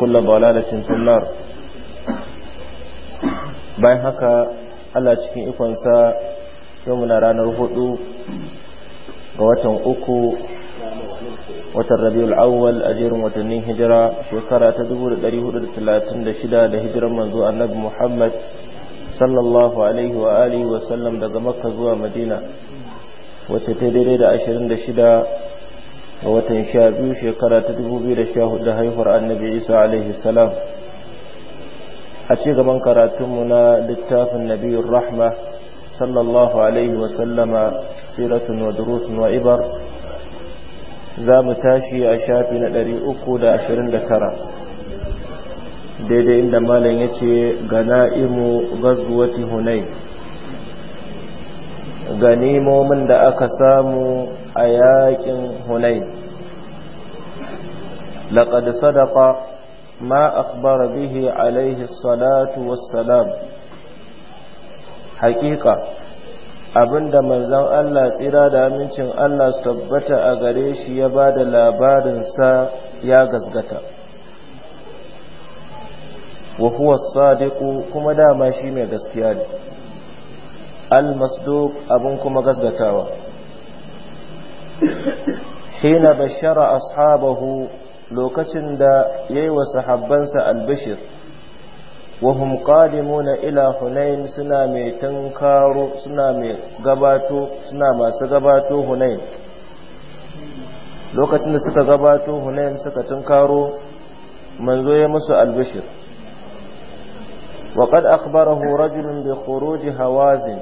kulla balalatin sunnar bayan haka Allah cikin ikonsa yau muna ranar hudu ga watan uku watan rabiul awwal a jerin watannin hijira shekara ta 436 da hijiran manzo annabi Muhammad sallallahu alaihi wa alihi wa sallam daga makka zuwa madina wacce ta daidai da 26 a watan sha biyu shekara ta dubu biyu da sha hudu haihuwar annabi isa alaihi salam a ci gaban karatunmu na littafin nabiyun rahma sallallahu alaihi wasallama siratun wa durusun wa ibar za mu tashi a shafi na ɗari uku da ashirin da tara daidai inda malam ya ce gana'imu gazuwati hunai ganimomin da aka samu a yakin hunain laqad sadaqa ma akhbara bihi alaihi salatu wassalam haƙiƙa abinda manzon Allah tsira da amincin Allah su tabbata a gare shi ya ba da labarinsa ya gasgata wa huwa kuma dama shi mai gaskiya ne al-masduq abin kuma gasgatawa hina bashara ashabahu lokacin da yayi wa sahabbansa albishir wahum qadimuna ila hunain suna mai tunkaro suna mai gabato suna masu gabato hunain lokacin da suka gabato hunain suka tunkaro manzo ya musu albishir وقد أخبره رجل بخروج hawazin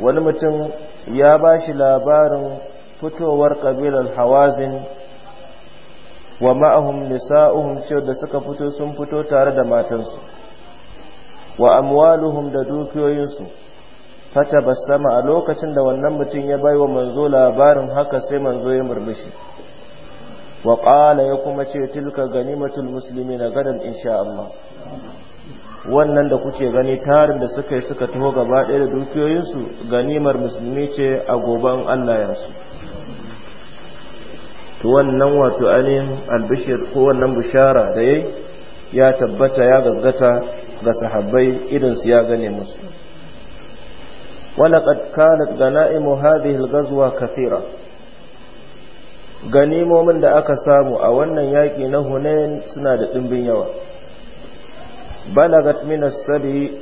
wani mutum ya ba shi labarin fitowar ƙabilar hawazin wa ma'ahum nisa'uhum cewa da suka fito sun fito tare da matansu wa amwaluhum da dukiyoyinsu fata sama a lokacin da wannan mutum ya bai wa manzo labarin haka sai manzo ya murmushi wa ƙala ya kuma ce tilka ganimatul na gadon insha Allah wannan da kuke gani tarin da suka yi suka taho gaba ɗaya da dukiyoyinsu ganimar musulmi ce a goban Allah ya su to wannan wato alim albishir ko wannan bishara da yayi ya tabbata ya gaggata ga sahabbai irinsu ya gane musu ولقد ga غنائم هذه الغزوة kafira. ganimomin da aka samu a wannan yaki na Hunain suna da ɗumbin yawa balagat min as-sabi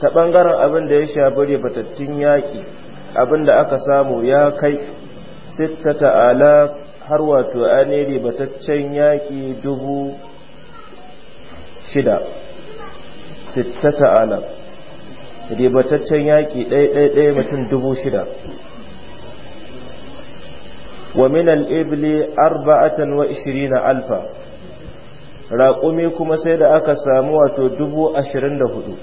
ta bangaren abin da ya shafi ribatattun yaki abin da aka samu ya kai sittata alaf har wato an ribataccen yaki dubu shida sittata alaf ribataccen yaki ɗaiɗaiɗai mutum dubu shida wa min al-ibli arba'atan wa ishirina alfa raƙumi kuma sai da aka samu wato dubu ashirin da hudu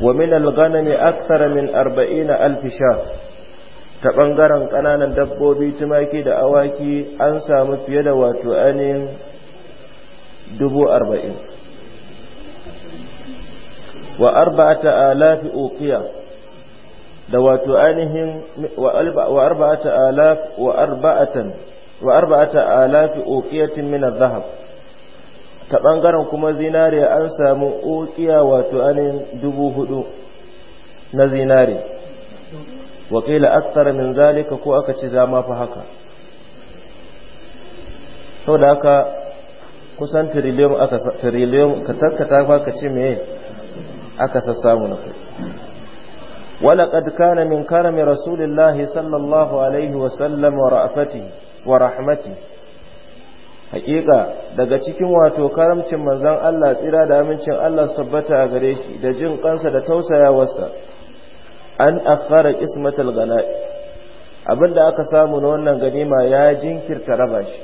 wa min al'gana ne aksara min arba'ina alfi sha ta ɓangaren ƙananan dabbobi tumaki da awaki an samu fiye da wato ainihin dubu arba'in wa arba'ata alafi uqiya da wato ainihin wa arba'ata alaf wa arba'atan wa arba'ata alafi uqiyatin min adh-dhahab ta bangaren kuma zinare an samu uqiya wato anin dubu hudu na zinare wa qila akthar min zalika ko aka ce zama fa haka saboda haka kusan trillion aka trillion ka takkata fa ka ce meye aka sassamu na kai ولقد كان من كرم رسول الله صلى الله عليه وسلم ورأفته wa rahmati haƙiƙa daga cikin wato karamcin manzon Allah tsira da amincin Allah su tabbata a gare shi da jin kansa da tausayawarsa an akhara ismatul ghanai abinda aka samu na wannan ganima ya jinkirta raba shi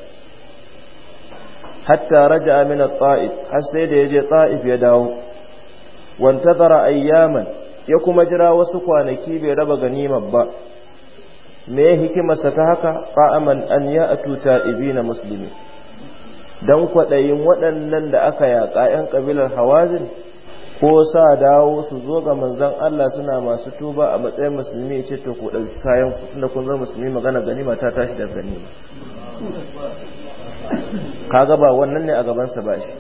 hatta raja min at-ta'if har sai da yaje ta'if ya dawo Wanta tara ayyaman ya kuma jira wasu kwanaki bai raba ganimar ba me hikimarsa ta haka fa'aman an ya ibi na musulmi don kwaɗayin waɗannan da aka yaƙa ‘yan ƙabilar hawazin ko sa dawo su zo ga manzan Allah suna masu tuba a matsayin musulmi ce ta ku ɗauki kayan ku da kun zama musulmi magana ganima ta tashi da ganima kaga ba wannan ne a gabansa ba shi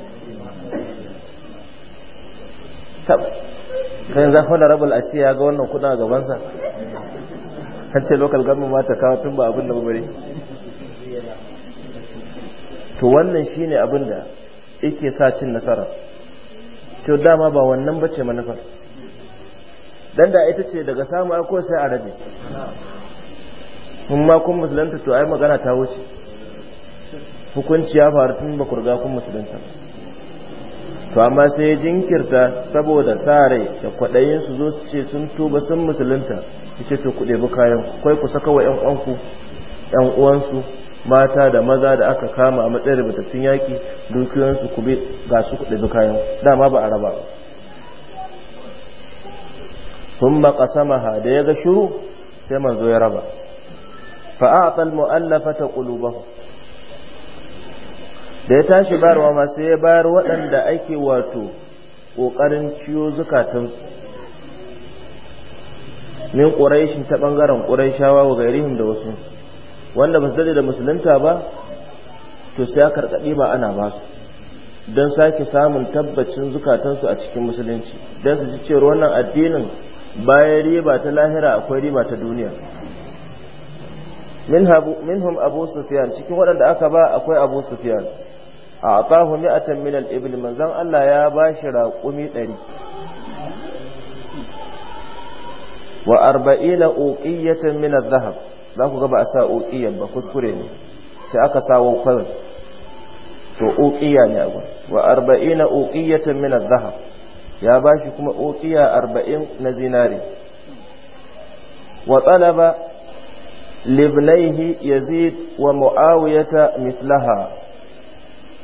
kan zafi da rabul a ce ya ga wannan kuɗa a gabansa kan ce local government ma ta kawo tun ba abin da to wannan shine abin da yake sa cin nasara to dama ba wannan bace manufar dan da ita ce daga samu ko sai a kuma kun musulunta to ai magana ta wuce hukunci ya faru tun ba kurga kun musulunta to amma sai jinkirta saboda sa da kwaɗayin su zo su ce sun tuba sun musulunta yace so ku ɗebi kayan kai ku saka wa ƴan uwanku ƴan uwansu mata da maza da aka kama a matsayin rubutattun yaƙi dukiyoyinsu ku bi ga su ku ɗebi kayan dama ba a raba sun maƙasamaha da ya ga shiru sai manzo ya raba fa'aƙal mu'allafata ƙulubahu da ya tashi bayarwa masu ya bayar waɗanda ake wato ƙoƙarin ciyo zukatansu min quraishin ta bangaren quraishawa wa gairihim da wasu wanda ba su dade da musulunta ba to sai aka karkade ba ana ba su don sake samun tabbacin zukatansu a cikin musulunci don su ji cewar wannan addinin bayan riba ta lahira akwai riba ta duniya minhum abu sufyan cikin waɗanda aka ba akwai abu sufyan a atahu mi'atan min al-ibl manzon Allah ya bashi raƙumi ɗari wa arba'ina uqiyatan min adh-dhahab za ku ga ba sa uqiyan ba kuskure ne sai aka sawo kawai to uqiya ne abu wa arba'ina uqiyatan min adh-dhahab ya bashi kuma uqiya 40 na zinari wa talaba libnaihi yazid wa muawiyata mithlaha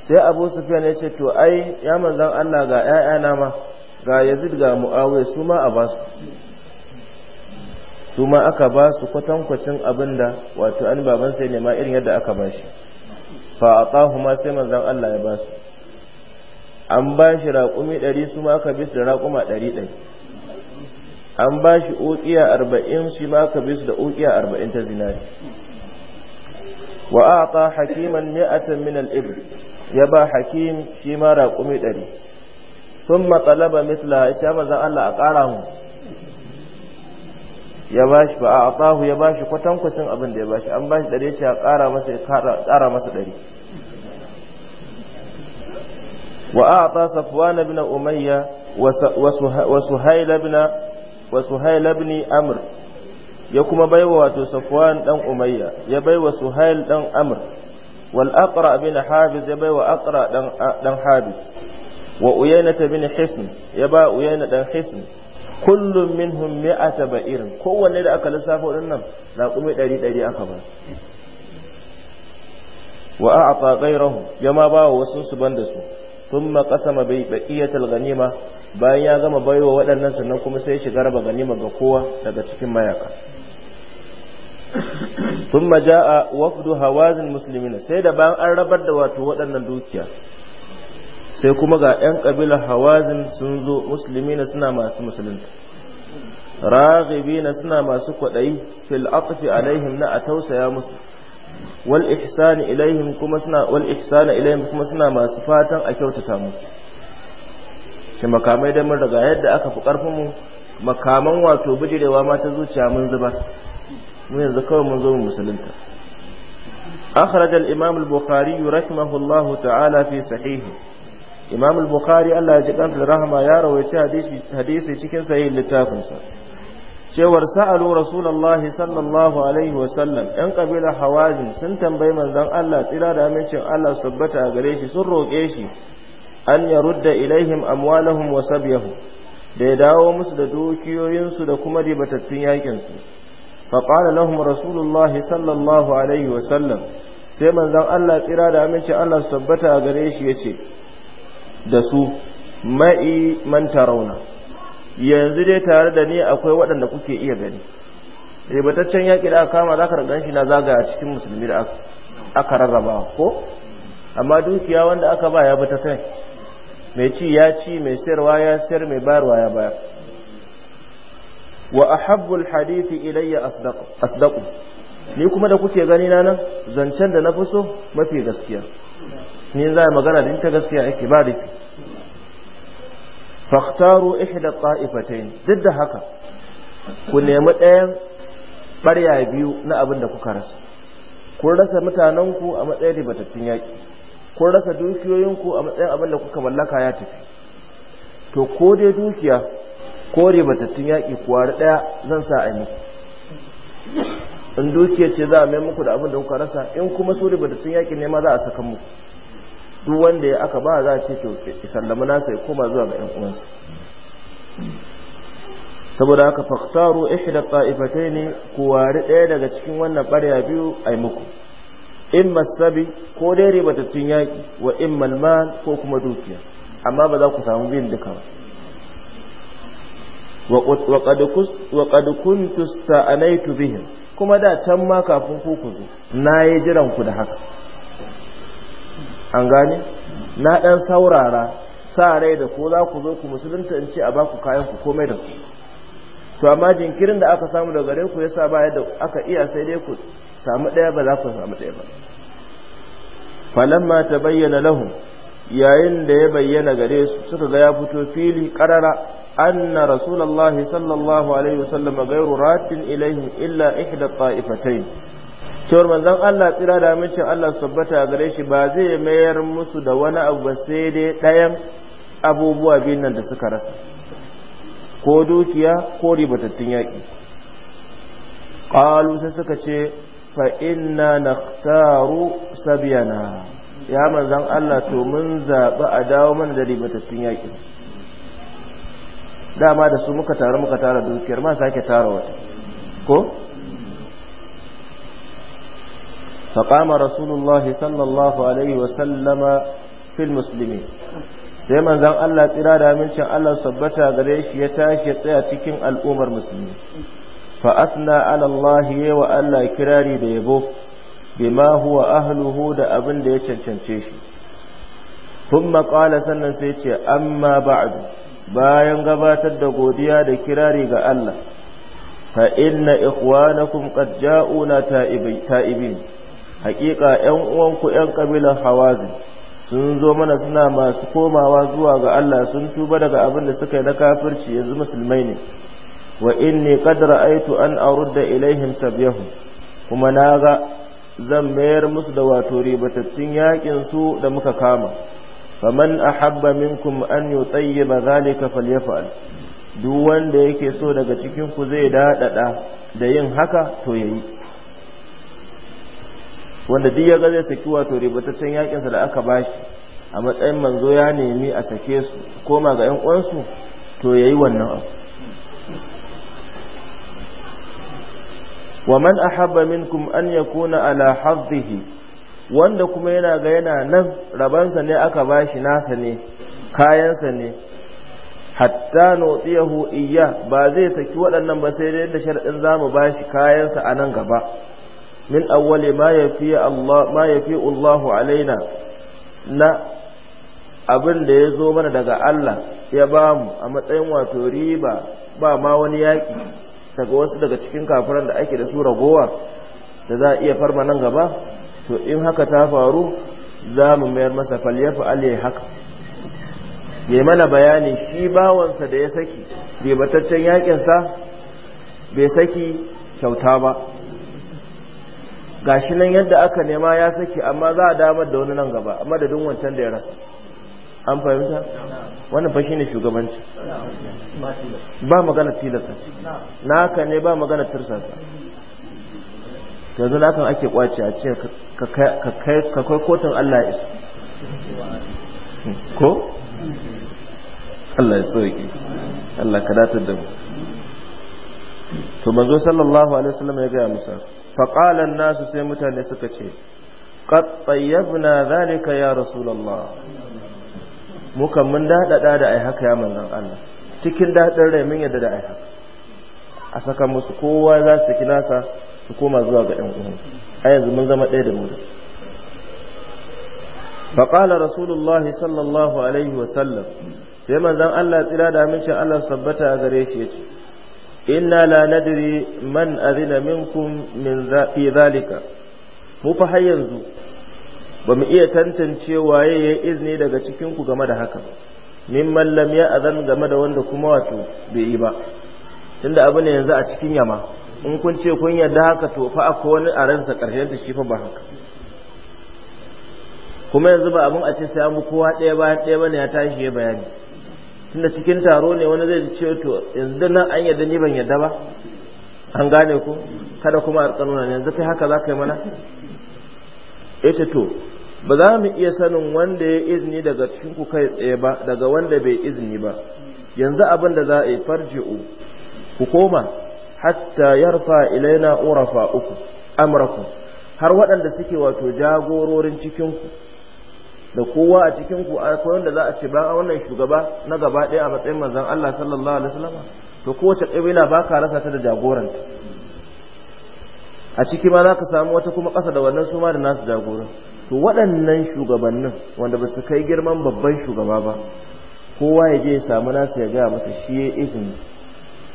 sai abu sufyan ya ce to ai ya manzan Allah ga ƴaƴana ma ga yazid ga muawiya su ma a basu su ma aka ba su kwatankwacin abin da wato an baban sai ne ma irin yadda aka ba shi fa ƙahu ma sai manzan Allah ya ba su an ba shi raƙumi ɗari su ma aka bi su da raƙuma ɗari ɗari an ba shi uƙiya arba'in shi ma aka bi su da uƙiya arba'in ta zinari wa ata hakiman mi'atan min al-ibr ya ba hakim shi ma raƙumi ɗari sun matsalaba mitla ya ce manzon Allah a ƙara mu ya bashi ba a atsahu ya bashi kwatankwacin abin da ya bashi an bashi dare ce a ƙara masa ɗari masa dare wa a safuwa na bina umayya wa su haila wa amur ya kuma baiwa wato safwan dan umayya ya baiwa suhail dan amur wal aqra ibn hafiz ya baiwa aqra dan dan wa uyayna ibn hisn ya ba uyayna dan hisn kullum minhum mi'ata tabairin kowanne da aka lissafa din nan raƙumi ɗari ɗari aka ba wa a'ata ghayrahum ya ma ba wa wasu su banda su thumma qasama bai baqiyatil ghanima bayan ya gama baiwa waɗannan sannan kuma sai shiga raba ganima ga kowa daga cikin mayaka thumma jaa wafdu hawazin muslimina sai da bayan an rabar da wato waɗannan dukiya sai kuma ga 'yan ƙabilar hawazin sun zo musulmi na suna masu musulunta ragibi na suna masu kwaɗayi fil aqfi alaihim na a tausaya musu wal ihsani ilaihim kuma suna masu fatan a kyautata musu shi makamai da mun daga yadda aka fi ƙarfinmu makaman wato bijirewa ma ta zuciya mun zuba. Mun yanzu kawai mun zo mu musulunta أخرج الإمام البخاري رحمه الله تعالى في صحيحه imam al-bukhari Allah ya ji kansa da rahama ya rawaita hadisi hadisi cikin sahihin littafinsa cewar sa'alu rasulullahi sallallahu alaihi wa sallam ɗan ƙabilar hawazin sun tambayi manzon Allah tsira da amincin Allah su tabbata a gare shi sun roƙe shi an ya rudda ilaihim amwalahum wa sabyahu da ya dawo musu da dukiyoyinsu da kuma ribatattun yakinsu faƙala lahum rasulullahi sallallahu alaihi wa sallam sai manzon Allah tsira da amincin Allah su tabbata a gare shi ya ce da su ma'i man tarauna yanzu dai tare da ni akwai waɗanda kuke iya gani ribataccen yaƙi da aka kama za ka ragan shi na zagaya cikin musulmi da aka rarraba ko amma dukiya wanda aka ba ya bata kai mai ci ya ci mai sayarwa ya sayar mai bayarwa ya bayar wa ahabbul hadithi ilayya asdaqu ni kuma da kuke gani na nan zancen da na fi so mafi gaskiya ne za a magana da ita gaskiya ake ba rufi faktaru ihda ta'ifatain duk da haka ku nemi ɗayan ɓarya biyu na abin da kuka rasa kun rasa mutanenku a matsayin ribatattun yaƙi kun rasa dukiyoyinku a matsayin abin da kuka mallaka ya tafi to ko dai dukiya ko ribatattun yaƙi kuwa ɗaya zan sa a yi in dukiya ce za a mai muku da abin da kuka rasa in kuma su ribatattun yaƙi ne ma za a saka muku duk wanda ya aka ba za a ce to sallama nasa ya koma zuwa ga 'yan uwansa saboda haka faktaru ihda ta'ifatai ne ku wari ɗaya daga cikin wannan ɓarya biyu a yi muku in masabi ko dai ribatattun yaƙi wa in malman ko kuma dukiya amma ba za ku samu bin duka ba wa qad kuntu sta'anaitu bihim kuma da can ma kafin ku ku zo na yi jiran ku da haka an gane na ɗan saurara sa rai da ko za ku zo ku musulunta in ce a baku kayan ku komai da ku to amma jinkirin da aka samu daga gare ku yasa ba yadda aka iya sai dai ku samu ɗaya ba za ku samu ɗaya ba falamma ta bayyana lahum yayin da ya bayyana gare su suka ga ya fito fili ƙarara anna rasulullahi sallallahu alaihi wasallam ghayru ratin ilaihim illa ihda ta'ifatayn cewar manzon Allah tsira da amincin Allah su tabbata gare shi ba zai mayar musu da wani abu ba sai dai ɗayan abubuwa biyun nan da suka rasa ko dukiya ko ribatattun yaƙi ƙalu sai suka ce fa inna naktaru sabiyana ya manzon Allah to mun zaɓi a dawo mana da ribatattun yaƙi dama da su muka tara muka tara dukiyar ma sake tara wata ko فقام رسول الله صلى الله عليه وسلم في المسلمين sai manzon Allah tsira da amincin Allah sabbata gare shi ya tashi tsaya cikin al'ummar musulmi fa asna ala Allah ya wa Allah kirari da yabo bima huwa ahluhu da abin da ya cancance shi thumma qala sannan sai ce amma ba'du bayan gabatar da godiya da kirari ga Allah fa inna ikhwanakum qad ja'una ta'ibin hakika yan uwanku yan kabilar hawazin sun zo mana suna masu komawa zuwa ga Allah sun tuba daga abin da suka yi na kafirci yanzu musulmai ne wa inni qad ra'aytu an arudda ilaihim sabyahu kuma na ga. zan mayar musu da wato ribatattun yakin su da muka kama faman ahabba minkum an yutayyiba zalika falyaf'al duk wanda yake so daga cikin ku zai dadada da yin haka to yayi wanda duk ya ga zai saki wato ribataccen yakinsa da aka bashi a matsayin manzo ya nemi a sake su koma ga yan uwansu to yayi wannan abu wa man ahabba minkum an yakuna ala hadhihi wanda kuma yana ga yana nan rabansa ne aka bashi nasa ne kayansa ne hatta nutiyahu iyya ba zai saki waɗannan ba sai dai da sharadin zamu bashi kayansa a nan gaba min أول ma يفي Allah ma يفي الله alaina na abin da ya zo mana daga Allah ya ba mu a matsayin wato riba ba ma wani yaƙi daga wasu daga cikin kafiran da ake da su ragowa da za a iya farma nan gaba to in haka ta faru za mu mayar masa falyafa ya haka ya mana bayani shi bawansa da ya saki ribataccen yaƙinsa bai saki kyauta ba gashi nan yadda aka nema ya saki amma za a damar da wani nan gaba amma da wancan da ya rasa an fahimta wannan fa shine shugabanci ba magana tilasta na haka ne ba magana tirsasa yanzu lakan ake kwace a ce ka kai kotun Allah ya isa ko Allah ya sauke Allah ka datar da mu to manzo sallallahu alaihi wasallam ya gaya musa faƙalan nasu sai mutane suka ce qad tayyabna zalika ya rasulullah muka mun daɗaɗa da ai haka ya manzon Allah cikin daɗin rai mun yadda da ai haka a saka musu kowa za su saki nasa su koma zuwa ga ɗan uwan a yanzu mun zama ɗaya da mu da faƙala rasulullahi sallallahu alaihi wasallam sai manzon Allah tsira da amincin Allah sabbata a gare shi ya ce inna la nadri man azina minkum min fi zalika mu fa har yanzu ba mu iya tantance waye ya izini daga cikinku game da haka mimman lam ya azan game da wanda kuma wato bai yi ba tunda abu ne yanzu a cikin yama in kun ce kun yarda haka to fa akwai wani a ransa karshen ta shi fa ba haka kuma yanzu ba abin a ce sai an kowa ɗaya bayan ɗaya bane ya tashi ya bayani tunda cikin taro ne wani zai ce to yanzu nan an yadda ni ban yadda ba an gane ku kada kuma a tsanuna yanzu kai haka za ka yi mana ita to ba za mu iya sanin wanda ya izini daga ku kai tsaye ba daga wanda bai izini ba yanzu abin da za a yi farji'u ku koma hatta yarfa ilaina urafa uku amraku har waɗanda suke wato jagororin cikinku da kowa a cikin ku koyon da za a ce ba wannan shugaba na gaba ɗaya a matsayin manzon Allah sallallahu alaihi wasallam to kowace kabila ba ka rasa ta da jagoranta a ciki ma za ka samu wata kuma ƙasa da wannan su ma da nasu jagoran to waɗannan shugabannin wanda ba su kai girman babban shugaba ba kowa ya je ya samu nasu ya gaya masa shi ya izini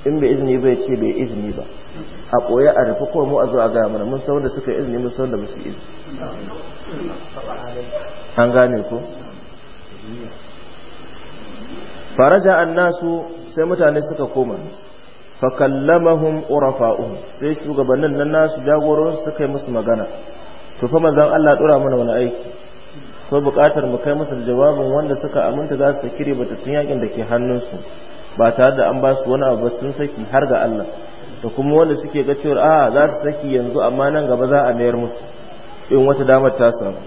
in bai izini bai ce bai izini ba a koya a rufe ko mu a zuwa gaya mana mun sauran da suka yi izini mun sauran da ba su an gane ko faraja annasu sai mutane suka koma fakallamahum urafa'uhum sai shugabannin nan nasu jagororin suka yi musu magana to fa manzon Allah dora mana wani aiki ko bukatar mu kai musu jawabin wanda suka aminta za su kire tun yakin da ke hannunsu ba tare da an ba su wani abu ba sun saki har ga Allah da kuma wanda suke ga cewa a za su saki yanzu amma nan gaba za a mayar musu in wata damar ta samu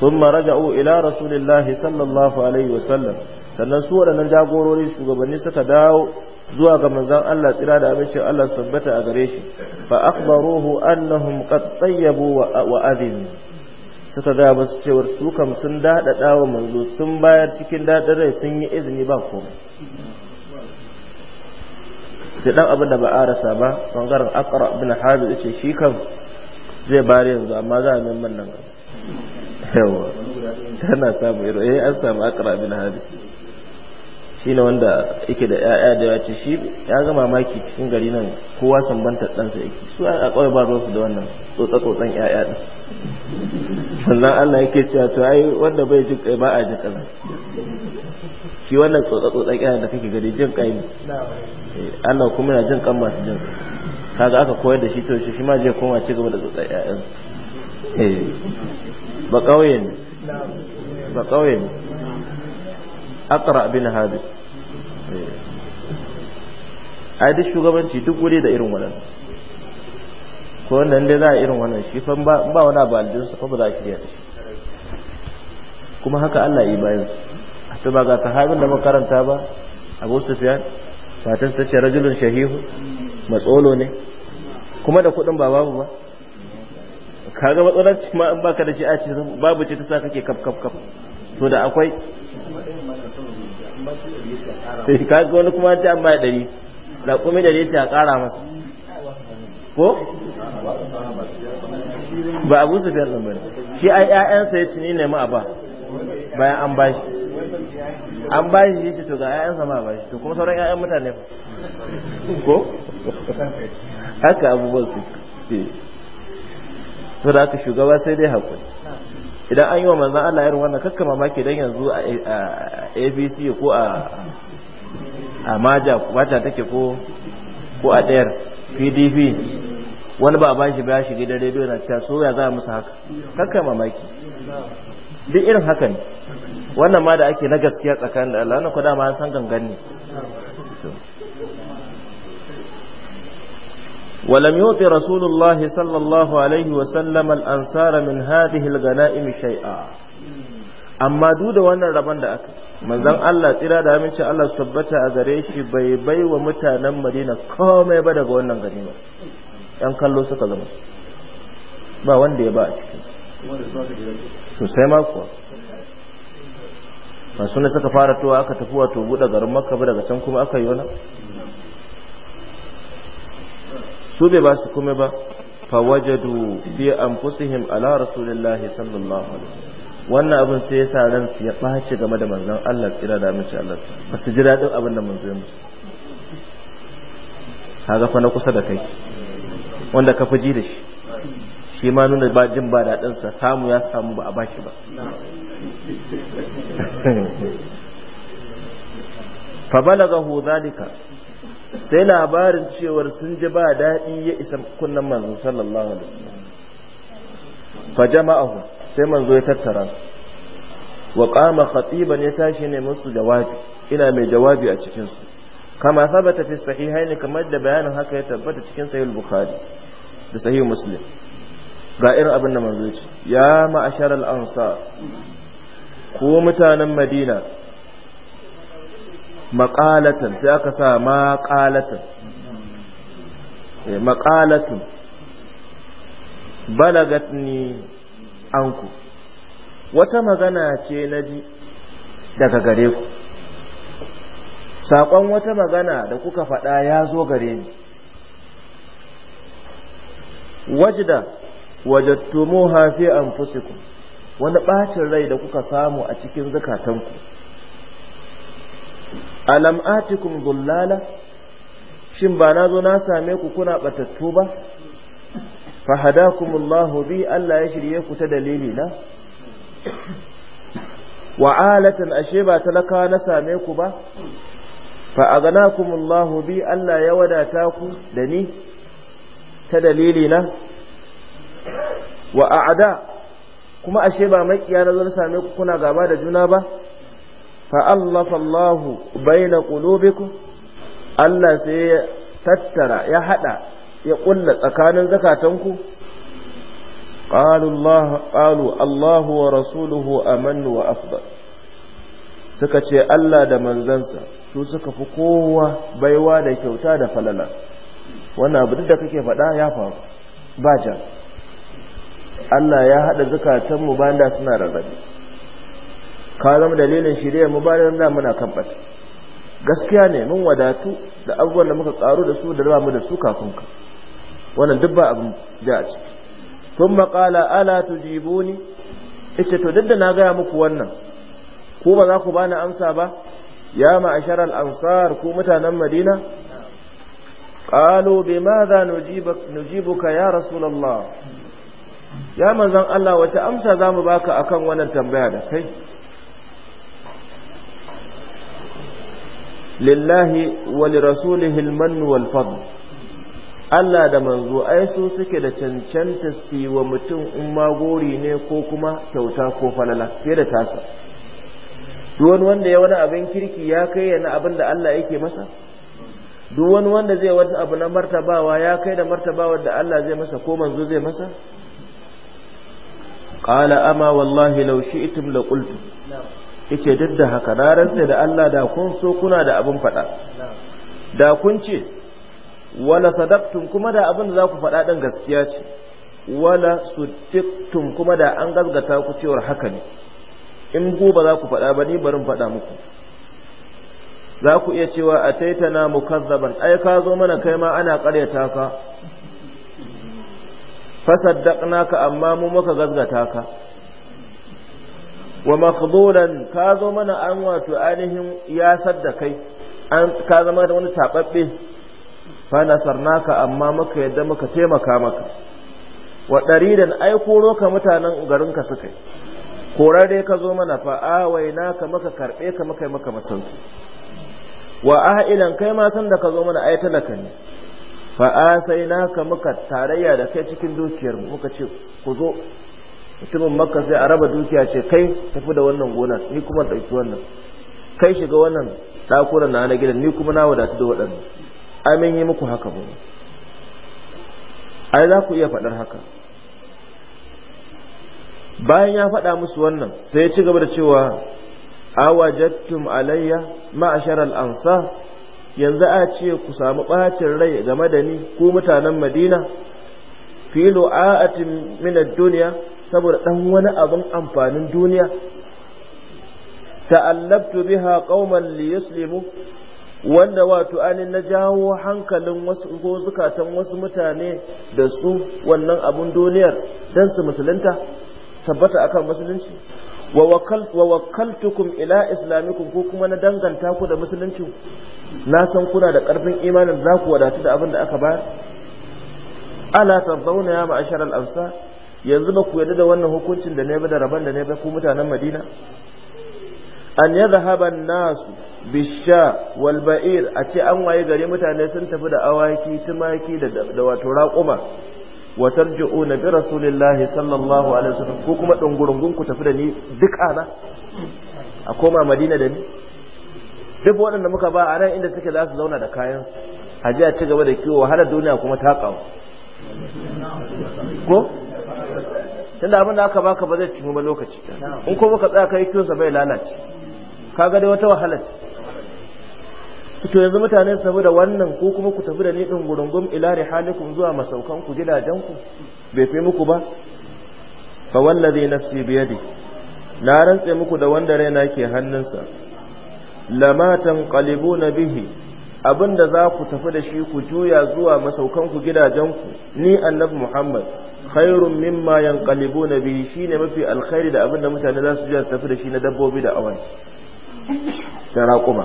ثم رجعوا ila رسول sallallahu alaihi الله sannan su waɗannan jagorori shugabanni suka dawo zuwa ga manzon Allah tsira da abincin Allah su tabbata a gare shi fa akhbaruhu annahum qad tayyabu wa adhin suka ga basu cewar su kam sun dadada wa manzo sun bayar cikin dadin rai sun yi izini ba komai sai dan abin da ba a rasa ba bangaren akara bin habib yace shi kan zai bare yanzu amma za a nemi nan yawa tana samu iro eh an samu akara bin habib shine wanda yake da yaya da yace shi ya ga mamaki cikin gari nan kowa sambanta ɗansa yake su a kawai ba su da wannan tsotsa tsotsan yaya din sannan Allah yake cewa to ai wanda bai ji ba a ji kaza shi wannan tsotsa-tsotsa kira da kake gari jin kai eh, Allah kuma yana jin kan masu jin kaga aka koyar da shi to shi ma zai koma ci gaba da tsotsa ƴaƴan eh ba kauye ne ba kauye ne aqra bin hadi eh, ai duk shugabanci duk gure da irin wannan ko nan dai za a irin wannan shi fa ba wani abu aljinsa fa ba za a shirya da shi kuma haka Allah yi bayan su to ba ga sahabin da makaranta ba abu Sufyan matan ta ce rajulun shahihu matsolo ne kuma da kuɗin ba babu ba kaga matsalar ci ma in baka da shi a ci babu ce ta sa kake kap kap kap to da akwai sai eh, kaga wani kuma ta an da ɗari da kuma da ce a ƙara masa ko ba abu Sufyan ɗin ba shi ai ƴaƴansa ya ci ne ma a ba bayan an bashi an ba shi yace to ga 'ya'yan sama ba shi to kuma sauran ƴaƴan mutane ba ko haka abubuwan su to da aka shugaba sai dai hakuri idan an yi wa manzan Allah irin wannan kakka mamaki dan yanzu a ABC ko a a maja wata take ko ko a ɗayar PDP wani ba ba shi ba shi gidan rediyo na cewa so ya za a musu haka kakka mamaki duk irin haka ne wannan ma da ake na gaskiya tsakanin da Allah wannan ku ma an san gangan ne ولم يعطي رسول الله صلى الله عليه وسلم الأنصار من هذه الغنائم شيئا amma duk da wannan rabon da aka manzon Allah tsira da aminci Allah su tabbata a gare shi bai bai wa mutanen Madina komai ba daga wannan ganima yan kallo suka zama ba wanda ya ba a cikin sosai ma ba na ne suka fara towa aka tafi wato buɗe garin maka ba daga can kuma aka yi wani su bai ba su kuma ba fawajadu fi anfusihim ala rasulillahi sallallahu alaihi wannan abin sai yasa ran su ya ɓaci game da manzon Allah tsira da mace Allah ba su ji daɗin abin da manzon musu ga fa na kusa da kai wanda ka fi ji da shi shi ma nuna ba jin ba daɗinsa samu ya samu ba a ba shi ba fa balagahu zalika sai labarin cewar sun ji ba daɗi ya isa kunnan manzo sallallahu alaihi wasallam fa jama'ahu sai manzo ya tattara wa qama khatiban ya tashi ne musu jawabi ina mai jawabi a cikin su kama sabata fi sahihaini kamar da bayanin haka ya tabbata cikin sahih bukhari da sahih muslim ga irin abin da manzo ya ce ya ma'ashar al-ansar ko mutanen madina maƙalatan sai aka sa maƙalatan eh, maƙalatun balagatni anku wata magana ce na ji daga gare ku saƙon wata magana da kuka faɗa ya zo gare ni wajda wajattumuha hafi anfusikum wani ɓacin rai da kuka samu a cikin zakatanku alam atikum dullala shin ba na zo na same ku kuna batattu ba fahadakumullahu bi Allah ya shirye ku ta dalili na wa'alatan ashe ba talaka na same ku ba fa'aganakumullahu bi Allah ya wadata ku da ni ta dalili na wa'ada kuma ashe ba makiya na zo na same ku kuna gaba da juna ba fa allafa Allahu baina qulubikum Allah sai ya tattara ya hada ya kulla tsakanin zakatanku qalu Allah qalu Allahu wa rasuluhu amannu wa afdal suka ce Allah da manzansa su suka fi kowa baiwa da kyauta da falala wannan abu da kake faɗa ya faru ba ja Allah ya haɗa zukatan mu bayan da suna ka zama dalilin shirya mu bayan da muna kan bata gaskiya ne mun wadatu da abubuwan da muka karu da su da ba mu da su kafin ka wannan duk abin da a ciki tun maƙala ala tujibuni ita to duk da na gaya muku wannan ko ba za ku bani amsa ba ya ma'ashar al-ansar ku mutanen madina qalu بماذا نجيبك, نجيبك يا رسول ya manzan Allah wace amsa za mu baka akan wannan tambaya da kai lillahi wa li rasulihi almannu wal fadl Allah da manzo ai su suke da cancanta su wa mutum in ma gori ne ko kuma kyauta ko falala fiye da tasa duk wani wanda ya wani abin kirki ya kai yana abin da Allah yake masa duk wani wanda zai wani abu na martabawa ya kai da martabawar da Allah zai masa ko manzo zai masa qala ama wallahi law shi'tum la qultu yace duk da haka na da Allah da kun so kuna da abin faɗa da kun ce wala sadaqtum kuma da abin da za ku faɗa ɗin gaskiya ce wala sutiqtum kuma da an gazgata ku cewar haka ne in gobe za ku faɗa ba ni barin faɗa muku za ku iya cewa a taitana mukazzaban ai ka zo mana kai ma ana karyata ka fasaddaqnaka amma mu muka gazgata ka wa makhdulan ka zo mana an wato ainihin ya saddakai an ka zama da wani tababbe fa nasarnaka amma muka yadda muka taimaka maka wa daridan ai koro ka mutanen garin ka suka korar dai ka zo mana fa awaina ka maka karbe ka maka maka masauki wa ahilan kai ma san da ka zo mana ai talaka ne ka muka tarayya da kai cikin dukiyar muka ce ku zo mutumin maka sai a raba dukiya ce kai tafi da wannan gonar ni kuma ɗauki wannan kai shiga wannan ɗakunan na na gidan ni kuma na wadatu da waɗannan amin yi muku haka ba ai za ku iya faɗar haka bayan ya faɗa musu wannan sai ya ci gaba da cewa awajattum alayya ma'ashar al-ansar yanzu a ce ku samu ɓacin rai game da ni ko mutanen madina filo a'atin minar duniya saboda ɗan wani abin amfanin duniya ta'allabtu biha qauman li yuslimu wanda wato ani na jawo hankalin wasu ko zukatan wasu mutane da su wannan abun duniyar dan su musulunta tabbata akan musulunci wa wakaltukum ila islamikum ko kuma na danganta ku da musulunci. na san kuna da ƙarfin imanin za ku wadatu da abin da aka ba ala zauna ya ma'ashar al'amsa yanzu ba ku yarda da wannan hukuncin da ne ba da rabon da ne ba ku mutanen madina an ya zahaba nasu bisha walba'ir a ce an waye gari mutane sun tafi da awaki tumaki da wato raƙuma wa tarji'u na bi rasulillahi sallallahu alaihi wasallam ko kuma dungurungun ku tafi da ni duk ana a koma madina da ni duk waɗanda muka ba a nan inda suke za su zauna da kayan a a ci gaba da kiwo wahala duniya kuma ta ƙawo ko da abin da aka baka ba zai cimu ba lokaci in ko ka tsaya kai kyau sa bai lalace ka ga dai wata wahalar to yanzu mutane su tafi da wannan ko kuma ku tafi da ni din gurungum ila rihalikum zuwa masaukan ku gidajen ku bai fi muku ba fa wallazi nafsi biyadi na rantse muku da wanda raina ke hannunsa lama na bihi abinda za ku tafi da shi ku juya zuwa masaukanku gidajenku ni annabi Muhammad khairun mimma na bihi shine mafi alkhairi da abinda mutane za su juya su tafi da shi na dabbobi da awai da raƙuma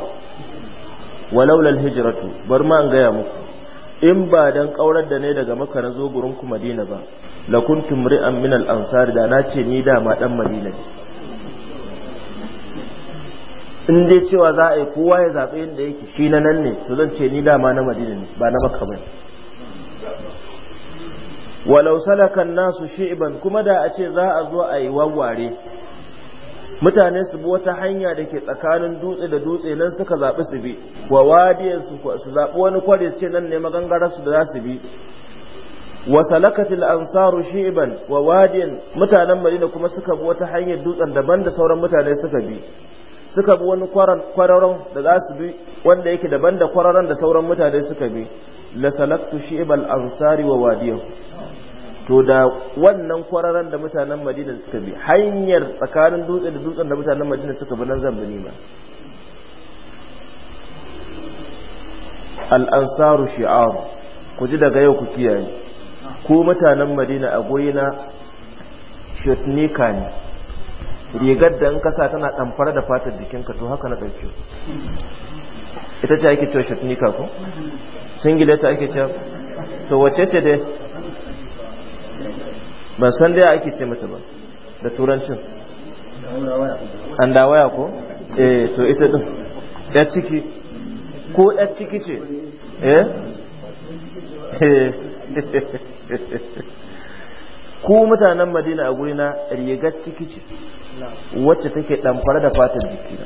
walaula alhijratu bar ma an gaya muku in ba dan kaurar da ne daga maka na zo gurin ku Madina ba lakuntum ri'an min al da na ce ni dama dan Madina in dai cewa za a yi kowa ya zaɓe inda yake shi na nan ne to zan ce ni dama na madina ne ba na makka ba walau salakan nasu shi'iban kuma da a ce za a zo a yi wawware mutane su bi wata hanya da ke tsakanin dutse da dutse nan suka zaɓi su bi wa wadiyar su zaɓi wani kwari su ce nan ne magangarar su da za su bi wa salakatil ansaru shi'iban wa wadiyan mutanen madina kuma suka bi wata hanyar dutsen daban da sauran mutane suka bi suka bi wani kwararon da za su bi wanda yake daban da kwararon da sauran mutane suka bi la salaktu shi'bal ansari wa wadiyahu to da wannan kwararon da mutanen Madina suka bi hanyar tsakanin dutse da dutsen da mutanen Madina suka bi nan zan bi nima al ansaru shi'ar ku ji daga yau ku kiyaye ko mutanen Madina a goyina shotnika ne rigar da in kasa tana damfara da fatar jikinka to haka na ɗauke ita ce ake cewa shatnika ko singile ta ake cewa to wace ce dai ban san dai ake ce mata ba da turancin an dawaya ko eh to ita din ya ciki ko ya ciki ce eh ku mutanen madina a gurina rigar ciki ce wacce take damfara da fatar jikina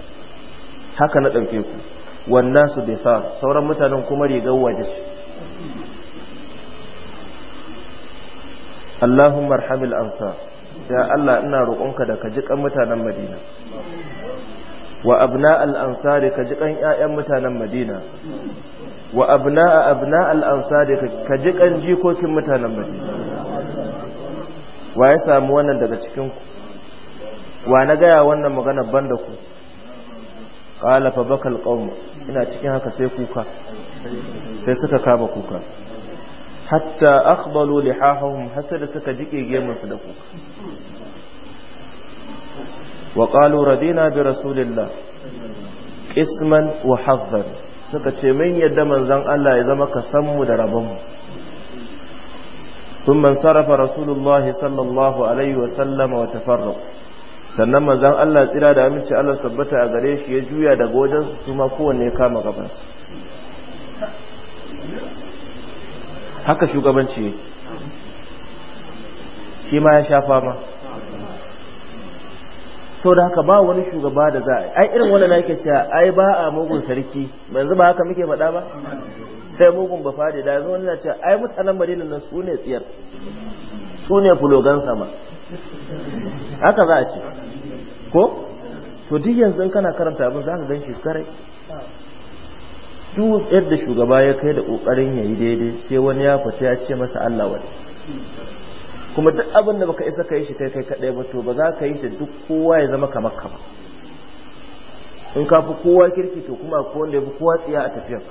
haka na ɗauke ku wannan su bisa sauran mutanen kuma rigar waje su Allahumma arhamil ansa ya Allah ina roƙonka da ka jiƙan mutanen Madina wa abna al'ansari ka jiƙan ‘ya'yan mutanen Madina wa abna a abna al'ansari ka jiƙan jikokin mutanen Madina wa ya samu wannan daga cikinku wa na gaya wannan magana ban da ku ƙala fa bakal ƙauma ina cikin haka sai kuka sai suka kama kuka hatta akhbalu lihahum hasa da suka jike gemunsu da kuka wa qalu radina bi rasulillah isman wa hazzan suka ce min yadda manzon Allah ya zama ka san mu da rabonmu. mu ثم انصرف رسول الله صلى الله عليه وسلم وتفرق sannan manzan Allah tsira da aminci Allah tabbata a gare shi ya juya daga wajen su kuma kowanne ya kama gaban su haka shugabanci yake shi ma ya sha fama sau da haka ba wani shugaba da za a yi ai irin wani na yake cewa ai ba a mugun sarki yanzu ba haka muke faɗa ba sai mugun ba fadi da yanzu wani na cewa ai mutanen madina nan su ne tsiyar su ne fulogan sama haka za a ce ko to duk yanzu kana karanta abin za ka gan shi kare duk yadda shugaba ya kai da kokarin yayi daidai sai wani ya fita ya ce masa Allah wani kuma duk abin da baka isa kai shi kai kai kadai ba to ba za ka yi shi duk kowa ya zama kamar ka ba in ka fi kowa kirki to kuma ko wanda ya fi kowa tsiya a tafiyar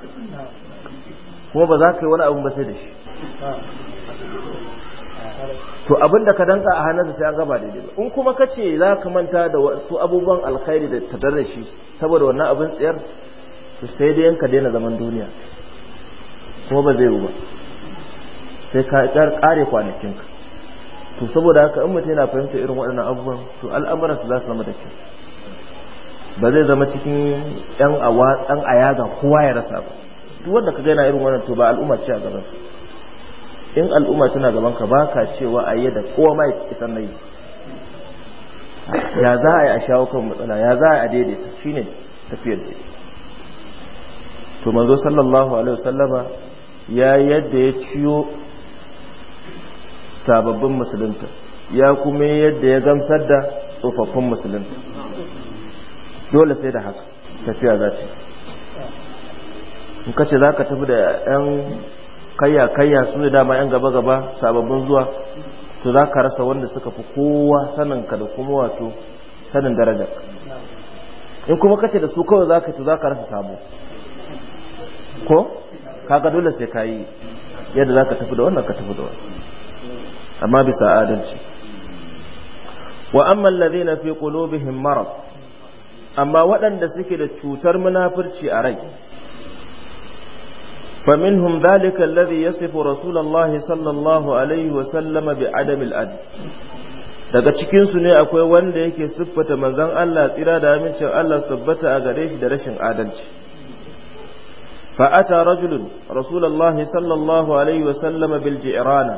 kuma ba za ka yi wani abin ba sai da shi to abin da ka danka a hannun sai an gaba daidai ba in kuma ka ce za ka manta da wasu abubuwan alkhairi da ta da shi saboda wannan abin tsayar to sai dai yanka daina zaman duniya kuma ba zai yi ba sai ka kare kwanakinka to saboda haka in mutum yana fahimta irin waɗannan abubuwan to al'amuran su za su zama da kyau ba zai zama cikin yan dan ayaga kowa ya rasa ba duk wanda ka yana irin wannan to ba al'umma ce a gabansa in al'umma suna gaban ka ba ka cewa a yadda kowa ma isan na yi ya za a yi a shawo kan matsala ya za a yi a daidaita shi ne tafiyar da to manzo sallallahu alaihi wasallama ya yadda ya ciyo sababbin musulunta ya kuma yadda ya gamsar da tsofaffin musulunta dole sai da haka tafiya za ce in kace za ka tafi da 'yan kayya kayya su ne dama yan gaba gaba sababbin zuwa to za ka rasa wanda suka fi kowa sanin ka da kuma wato sanin darajar in kuma kace da su kawai za ka to za ka rasa sabo ko kaga dole sai ka yi yadda za ka tafi da wannan ka tafi da wannan amma bisa adalci wa amma alladhina fi qulubihim marad amma waɗanda suke da cutar munafurci a rai فمنهم ذلك الذي يصف رسول الله صلى الله عليه وسلم بعدم العدل daga cikinsu ne akwai wanda yake siffata manzon Allah tsira da amincin Allah su tabbata a gare shi da rashin adalci Fa fa'ata rajulun rasulullahi sallallahu alaihi wasallam bil ji'rana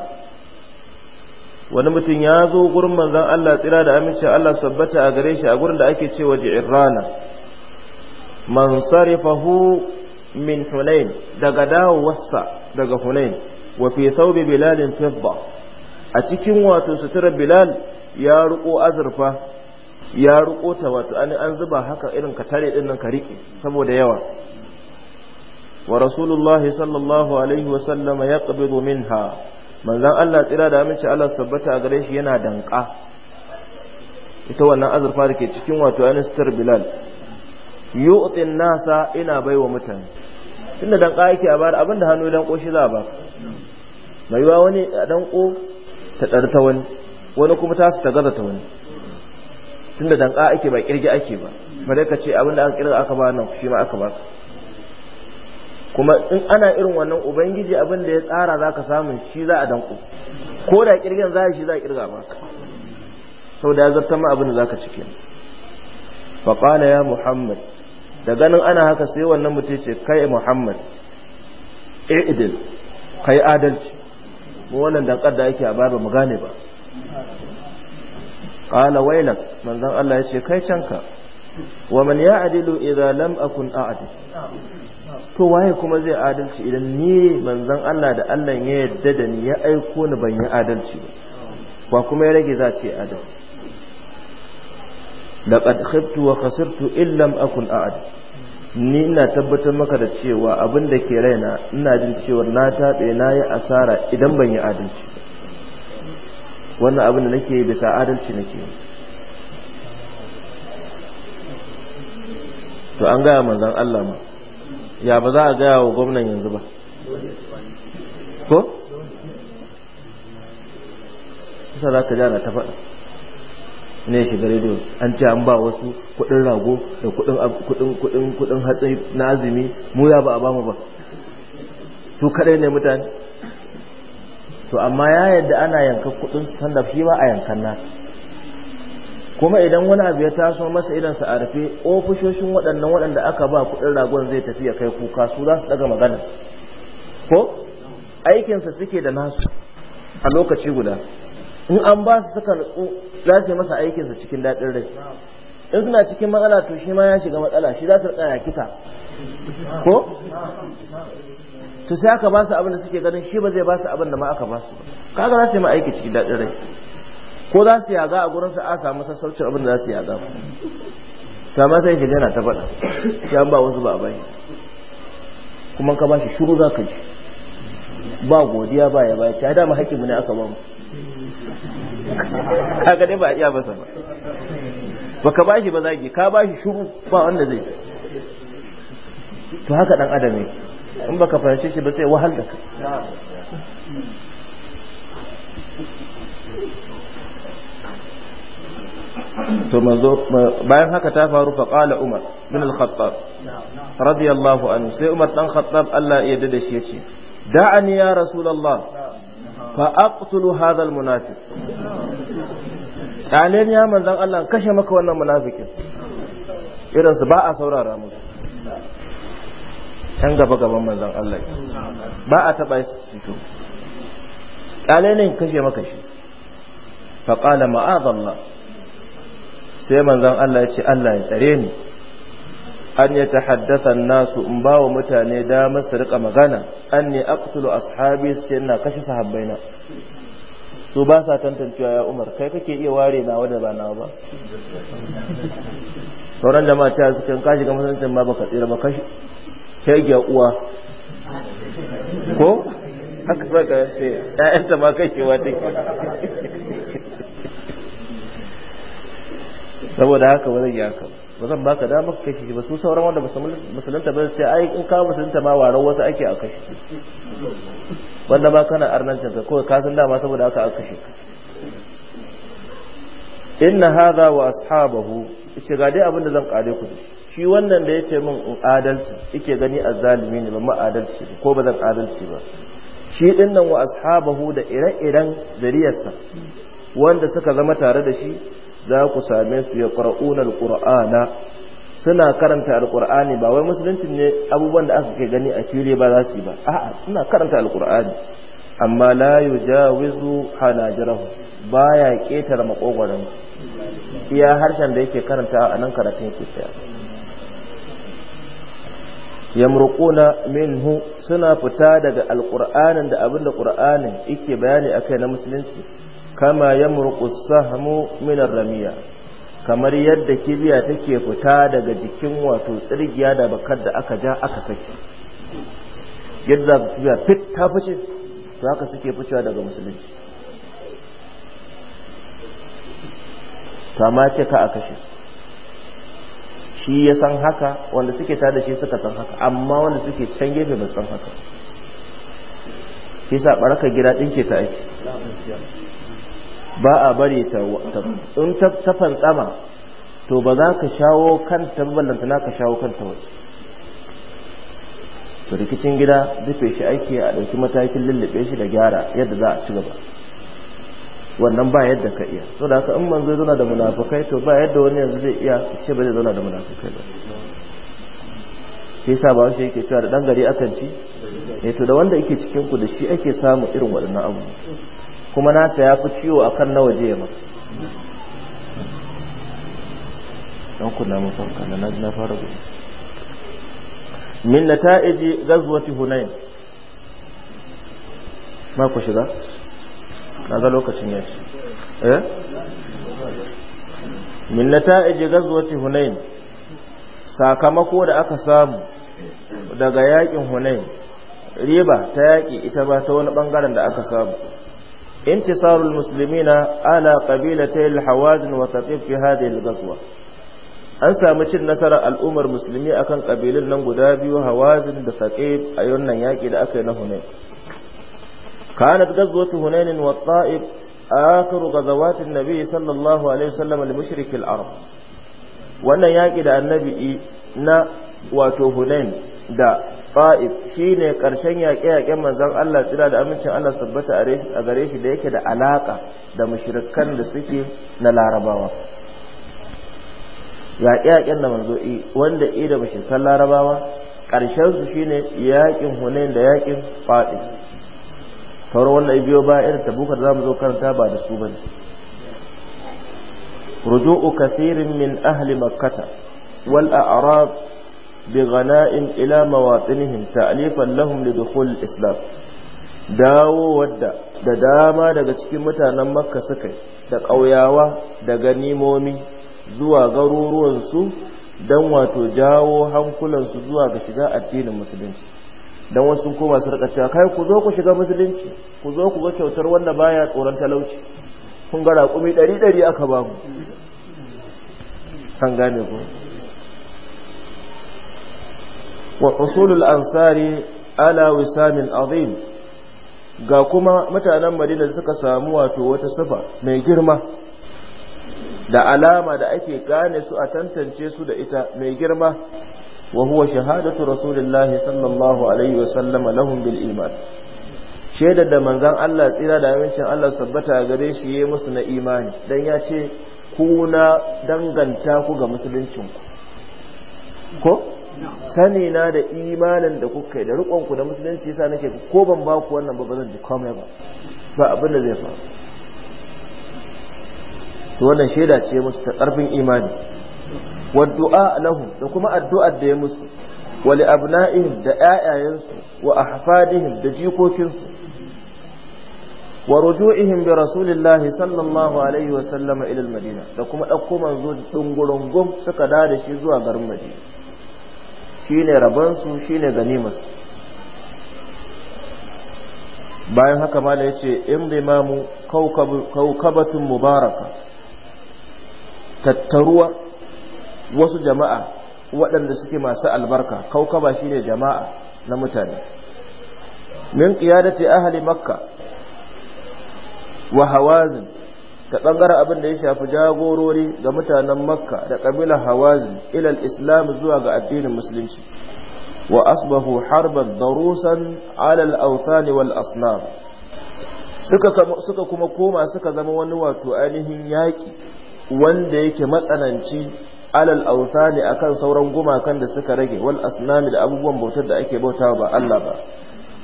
wani mutum ya zo gurin manzon Allah tsira da amincin Allah su tabbata a gare shi a gurin da ake cewa ji'rana man sarifahu min hunain daga dawowarsa daga hunain wa fi bilalin fidda a cikin wato sutura bilal ya riko azurfa ya riko ta wato an zuba haka irin ka tare din ka rike saboda yawa wa rasulullahi sallallahu alaihi wa sallama yaqbidu minha manzon Allah tsira da amince Allah sabbata gare shi yana danka ita wannan azurfa da ke cikin wato sutura bilal yu'tin nasa ina baiwa mutane tunda dan ka yake a bayar abinda hannu dan koshi za ba mai yiwa wani a dan ko ta tsarta wani wani kuma ta su ta gaza ta wani tunda dan ka ake ba kirgi ake ba bare ka ce abinda aka kirga aka ba nan shi ma aka ba kuma in ana irin wannan ubangiji abinda ya tsara zaka samu shi za a danko ko da kirgin za shi za a kirga ba sau da ya zartar ma abin da za ka cike faƙala ya muhammad da ganin ana haka sai wannan mutum ce kai muhammad idil kai adalci mu wannan dankar da ake a baba mu gane ba qala waylak manzon Allah ya ce kai canka wa man ya'dilu idza lam akun a'dil to waye kuma zai adalci idan ni manzon Allah da Allah ya yarda da ni ya aiko ni ban yi adalci ba kuma ya rage za ce adalci laqad khibtu wa khasirtu illam akun a'ad ni ina tabbatar maka da cewa abin da ke raina ina jin cewa na taɓe na yi asara idan ban yi adalci wannan abin da nake bisa adalci nake to an gaya manzan Allah ma ya ba za a gaya wa gwamnan yanzu ba ko? kusa za ka jana ta faɗa ne shiga rediyo an ce an ba wasu kudin rago da kudin na azumi mu ya ba a ba mu ba su kadai ne mutane to amma ya yadda ana yankan kudin sanda shi ba a yankan na kuma idan wani abu ya taso masa idan sa a rufe ofishoshin waɗannan waɗanda aka ba kudin ragon zai tafi ya kai kuka su za su daga magana ko aikinsa suke da nasu a lokaci guda in an ba su suka nutsu za su yi masa aikinsa cikin daɗin rai in suna cikin matsala to shi ma ya shiga matsala shi za su tsaya kita ko to sai aka ba su abin da suke ganin shi ba zai ba su abin da ma aka ba su kaga za su yi ma aiki cikin daɗin rai ko za su yaga a gurin sa a samu sassaucin abin da za su yaga ta ma sai shiga yana ta faɗa shi an ba wasu ba a bai kuma ka ba shi shuru za ka ji ba godiya ba ya ba ta dama mu ne aka ba mu kaga dai ba a iya masa ba baka bashi ba zagi ka bashi shuru ba wanda zai ci to haka dan adam yake in baka fahimce shi ba sai wahal da ka to manzo bayan haka ta faru fa qala umar bin al-khattab radiyallahu anhu sai umar dan khattab Allah ya yarda da shi yace da'ani ya rasulullah fa aqtulu hadha al munafiq dalilin ya manzon Allah kashe maka wannan munafikin irinsu ba a saurara musu yan gaba gaban manzon Allah ba a taɓa yi su fito dalilin kashe maka shi fa qala ma'adallah sai manzon Allah ya ce Allah ya tsare ni an ya haddasa nasu in ba wa mutane damar su rika magana an ne aqtulu ashabi su ce ina kashe na su ba sa tantancewa ya umar kai kake iya ware na wadda ba na ba sauran jama'a ta su kan kashi ga musuncin ma baka tsira ba kashi kege uwa ko haka ka ce ƴaƴanta ma wa take saboda haka wani ya kama ba zan baka dama ka kashe shi ba su sauran wanda musulunta ba sai ai in ka musulunta ma waran wasu ake a kashe wanda ma kana arnancin ka kawai kasan dama saboda aka aka kashe ka inna hadha wa ashabahu yace ga dai abin da zan kare ku shi wannan da yace min in adalci yake gani azzalimi ne ba ma adalci ko ba zan adalci ba shi dinnan wa ashabahu da ire-iren zariyarsa wanda suka zama tare da shi za ku same su ya ƙar'una alƙur'ana suna karanta alƙur'ani ba wai musulunci ne abubuwan da aka ke gani a fili ba za su yi ba a'a suna karanta alƙur'ani amma la yujawizu Ba baya ƙetare makogwaron iya harshen da yake karanta a nan karatun yake tsaya yamruquna minhu suna fita daga alqur'anin da abinda qur'anin yake bayani a kai na musulunci kama yamruqu sahmu min ramiya kamar yadda kibiya take fita daga jikin wato tsirgiya da bakar da aka ja aka saki yadda kibiya fit ta fice to haka suke ficewa daga musulunci to amma ce ka a kashe shi ya san haka wanda suke ta da shi suka san haka amma wanda suke can gefe ba san haka shi sa baraka gida ɗinke ta aiki. ba a bari ta in ta fantsama to ba za ka shawo kan kanta na ka shawo ta wani, to rikicin gida dufe shi aiki a ɗauki matakin lullube shi da gyara yadda za a ci gaba wannan ba yadda ka iya so da haka in manzo zauna da munafukai to ba yadda wani yanzu zai iya ce ba zai zauna da munafukai ba sai sa ba shi yake cewa da dan gari akan ci eh to da wanda yake cikin ku da shi ake samu irin waɗannan abu kuma nasa ya fi ciwo a kan na waje ya maka don kula mafarka na naji na fara gudu min na ta'iji gazuwati hunayin ma ku shiga na ga lokacin ya shi eh min na ta'iji gazuwati hunayin sakamako da aka samu daga yakin hunayin riba ta yaki ita ba ta wani bangaren da aka samu انتصار المسلمين على قبيلتي الحوازن وثقيف في هذه الغزوة an samu cin nasarar al'ummar musulmi akan kabilun nan guda biyu hawazin da saqib a wannan yaki da aka yi na hunain kanat gazwatu hunain wa ta'ib akhiru ghazawat an-nabi sallallahu alaihi wasallam al-mushrik al-arab wannan yaki da annabi na wato hunain da fa'id shi ne ƙarshen yaƙe-yaƙen manzan Allah tsira da amincin Allah sabbata a gare shi da yake da alaƙa da mashirikan da suke na larabawa yaƙe-yaƙen da manzo wanda i da mashirikan larabawa ƙarshensu shi ne yaƙin hunain da yaƙin fa'id sauran wannan biyo ba irin da za mu zo karanta ba da su ba ne rujo'u kasirin min ahli makkata wal a'rab بغناء إلى مواطنهم تأليفا لهم لدخول الإسلام dawo wadda da dama daga cikin mutanen makka suka da ƙauyawa da ganimomi zuwa garuruwansu don wato jawo hankulansu zuwa ga shiga addinin musulunci don wasu kuma su rika cewa kai ku zo ku shiga musulunci ku zo ku ga kyautar wanda baya tsoron talauci kun ga raƙumi ɗari ɗari aka baku. kan gane ku وحصول usulul ansari وسام عظيم ga kuma mutanen madina suka samu wato wata sifa mai girma da alama da ake gane su a tantance su da ita mai girma wa huwa shahadatu rasulillahi sallallahu alaihi wa sallama lahum bil iman shaidar da manzon Allah tsira da amincin Allah sabbata gare shi yayi musu na imani dan ya ce ku na danganta ku ga musuluncin ku ko sani na da imanin da kuka yi da rikon da musulunci yasa nake ko ban ba ku wannan ba ba zan komai ba ba abin da zai faru to wannan shaida ce musu ta karfin imani wa du'a lahu da kuma addu'ar da ya musu wa li abna'ihim da ayayansu wa ahfadihim da jikokinsu wa ruju'ihim bi rasulillahi sallallahu alaihi wa sallama ila al-madina da kuma dauko manzo dungurungum suka da da shi zuwa garin madina shine rabansu shine ganimarsu bayan haka da ya ce in bai mamu kaukabatun mubaraka tattaruwa wasu jama'a waɗanda suke masu albarka kaukaba shine jama'a na mutane min ƙiyadace ahali makka wa hawazin ta ɓangaren abin da ya shafi jagorori ga mutanen makka da ƙabilar hawazin ilal islam zuwa ga addinin musulunci wa asbahu harban darusan alal autani wal asnam suka kuma koma suka zama wani wato ainihin yaƙi wanda yake matsananci alal autani akan sauran gumakan da suka rage wal asnami da abubuwan bautar da ake bautawa ba Allah ba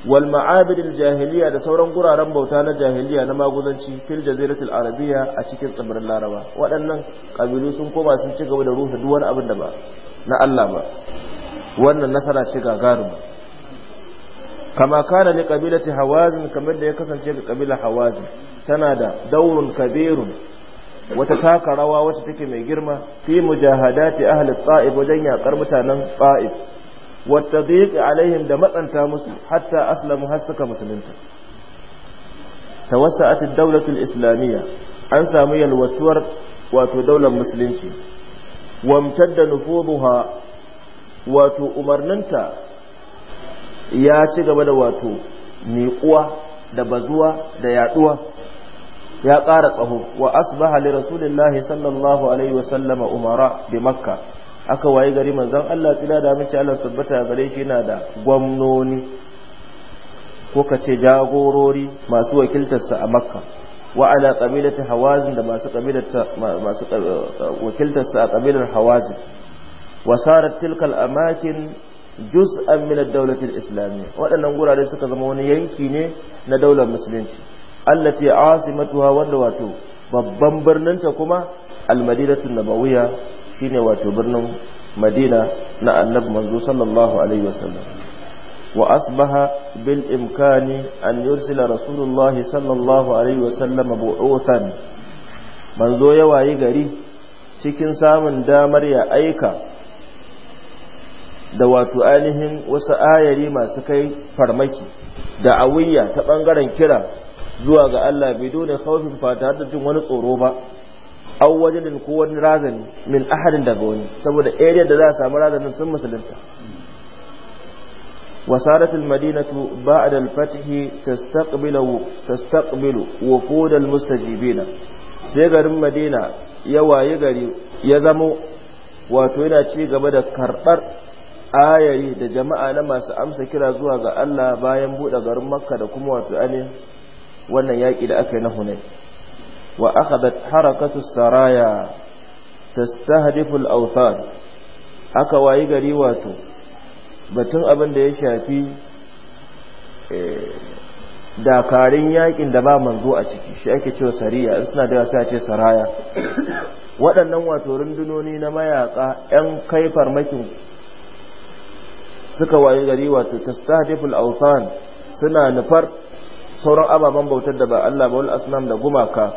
wal ma'abidil jahiliya da sauran guraren bauta na jahiliya na maguzanci fil jaziratul arabiya a cikin tsibirin laraba waɗannan kabilu sun koma sun ci gaba da rufe duk wani abin da ba na Allah ba wannan nasara ce gagaruma kama kana li qabilati hawazin kamar da ya kasance ga kabila hawazin tana da daurun kabirun wata taka rawa wacce take mai girma fi mujahadati ahli tsa'ib wajen yakar mutanen tsa'ib والتضييق عليهم da matsanta musu hatta aslamu har suka musulunta tawassa'at ad islamiyya an samu yalwatuwar wato daular musulunci wamtadda nufuduha wato umarninta ya ci gaba da wato miƙuwa da bazuwa da yaduwa ya ƙara tsaho wa asbaha li rasulillahi sallallahu alaihi wa sallama umara bi makka aka wayi gari manzon Allah tsira da mace Allah tabbata gare shi yana da gwamnoni ko ka ce jagorori masu wakiltarsa a makka wa ala qabilati hawazin da masu qabilar masu eh, wakiltarsa a qabilar hawazin wa sarat tilkal amakin juz'an min ad-dawlati al-islamiyya waɗannan gurare suka zama wani yanki ne na daular musulunci allati asimatuha wanda wato babban ta kuma al-madinatu nabawiyya shine wato birnin madina na annabi manzo sallallahu alaihi wasallam wa asbaha bil imkani an yursila rasulullahi sallallahu alaihi wasallam uthan manzo ya wayi gari cikin samun damar ya aika da wato ainihin wasu ayari masu kai farmaki da awiyya ta bangaren kira zuwa ga Allah da khawfin fata da jin wani tsoro ba aw ko wani razani min ahadin daga wani saboda area da za a samu razanin sun musulunta وصارت المدينة بعد الفتح تستقبل تستقبل وفود المستجيبين sai garin Madina ya waye gari ya zamo wato yana ci gaba da karɓar ayari da jama'a na masu amsa kira zuwa ga Allah bayan buɗe garin Makka da kuma wato ainihin wannan yaƙi da aka yi na hunai. وأخذت حركة السرايا تستهدف الأوثان aka wayi gari wato batun abin da ya shafi dakarun yakin da ba manzo a ciki shi ake cewa sariya in suna da sai a ce saraya waɗannan wato rundunoni na mayaka 'yan kai farmakin suka wayi gari wato tastahdiful awsan suna nufar sauran ababen bautar da ba Allah ba wal asnam da gumaka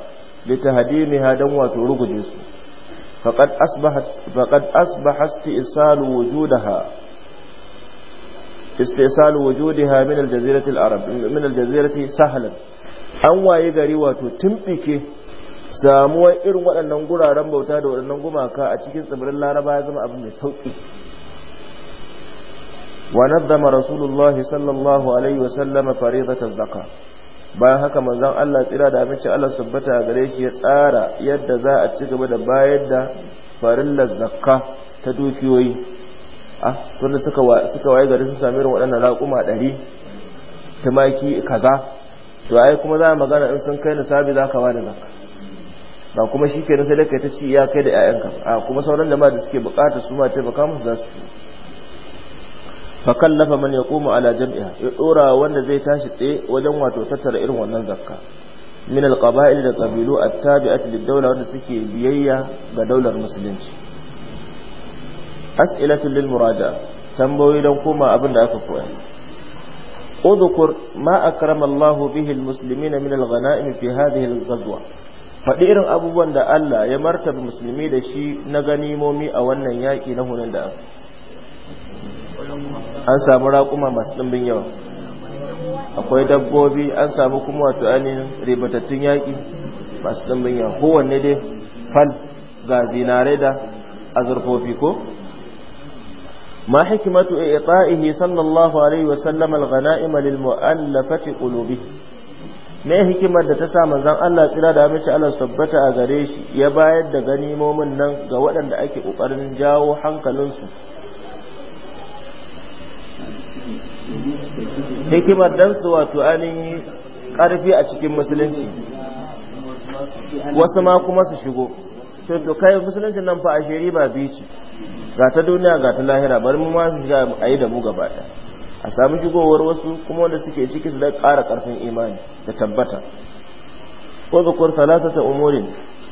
litahdimiha dan wato ruguje su faqad asbahat faqad wujudaha wujudaha min alarab min sahlan an waye gari wato tumbike samuwar irin waɗannan guraren bauta da waɗannan gumaka a cikin tsibirin laraba ya zama abu mai sauƙi wa nazzama rasulullahi sallallahu alaihi wa sallama bayan haka manzon Allah tsira da amince Allah tabbata a gare shi ya tsara yadda za a ci gaba da bayar da farillar zakka ta dukiyoyi A ah, tunda suka waye gari su sami irin waɗannan raƙuma ɗari tumaki kaza to ai kuma za a magana in sun kai nisabi za ka ba da ba kuma shi ke sai da kai ta ci iya kai da 'ya'yanka a ah, kuma sauran da ma da suke bukata su ma taimaka musu za su fa kallafa man koma ala jam'iha ya dora wanda zai tashi tsaye wajen wato tattara irin wannan zakka min alqaba'il da qabilu attabi'at lid-dawla wanda suke biyayya ga daular musulunci as'ilatul lil muraja tambayoyi don koma abin da aka koya udhkur ma akrama Allahu bihi al-muslimina min al-ghanaim fi hadhihi al-ghazwa faɗi irin abubuwan da Allah ya martaba musulmi da shi na ganimomi a wannan yaki na hunan da aka an samu raƙuma masu ɗimbin yawa akwai dabbobi an samu kuma wato ainihin ribatattun yaƙi masu ɗimbin yawa kowanne dai fal ga zinare da azurfofi ko ما حكمة إعطائه صلى الله عليه وسلم الغنائم للمؤلفة قلوبه me hikimar da ta samu zan Allah tsira da mace Allah tabbata a gare shi ya bayar da ganimomin nan ga waɗanda ake ƙoƙarin jawo hankalinsu hikimar dan su wato ainihin karfi a cikin musulunci wasu ma kuma su shigo to kai musulunci nan fa a shiri ba biyu ce ga ta duniya ga ta lahira bari mu ma shiga a yi da mu gaba a samu shigowar wasu kuma wanda suke ciki su da ƙara karfin imani da tabbata Ko wazukur salasata umurin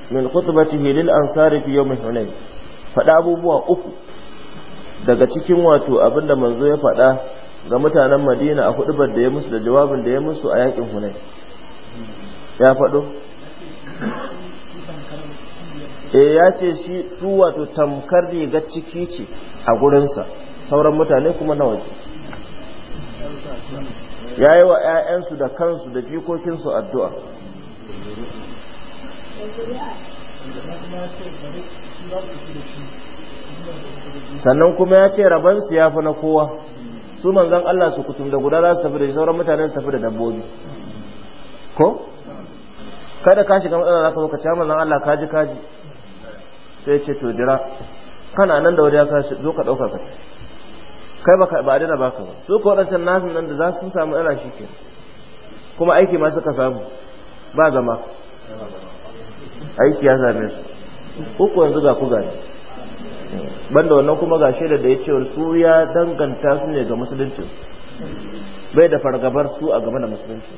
min khutbatihi lil ansari fi yawm hunayn faɗa abubuwa uku daga cikin wato abinda manzo ya faɗa ga mutanen madina a hudubar da ya musu da jawabin da ya musu a yakin hunai ya faɗo e ya ce shi su wato tamkar rigar ciki ce a gurinsa sauran mutane kuma na waje ya yi wa 'ya'yansu da kansu da jikokinsu addu'a sannan kuma ya ce rabansu ya fi na kowa su manzan Allah su kutum da guda za su tafi da sauran mutanen su tafi da dabbobi ko kada ka shiga matsala zaka zo ka ci manzon Allah kaji kaji sai ce to jira kana nan da ya ka zo ka ɗauka ka kai baka ba dana baka ba su ko waɗancan nasu nan da za su samu ɗana shi ke kuma aiki ma suka samu ba zama aiki ya same su ko yanzu ga ku gani banda wannan kuma ga shaidar da ya ce su ya danganta su ne ga musulunci bai da fargabar su a game da musulunci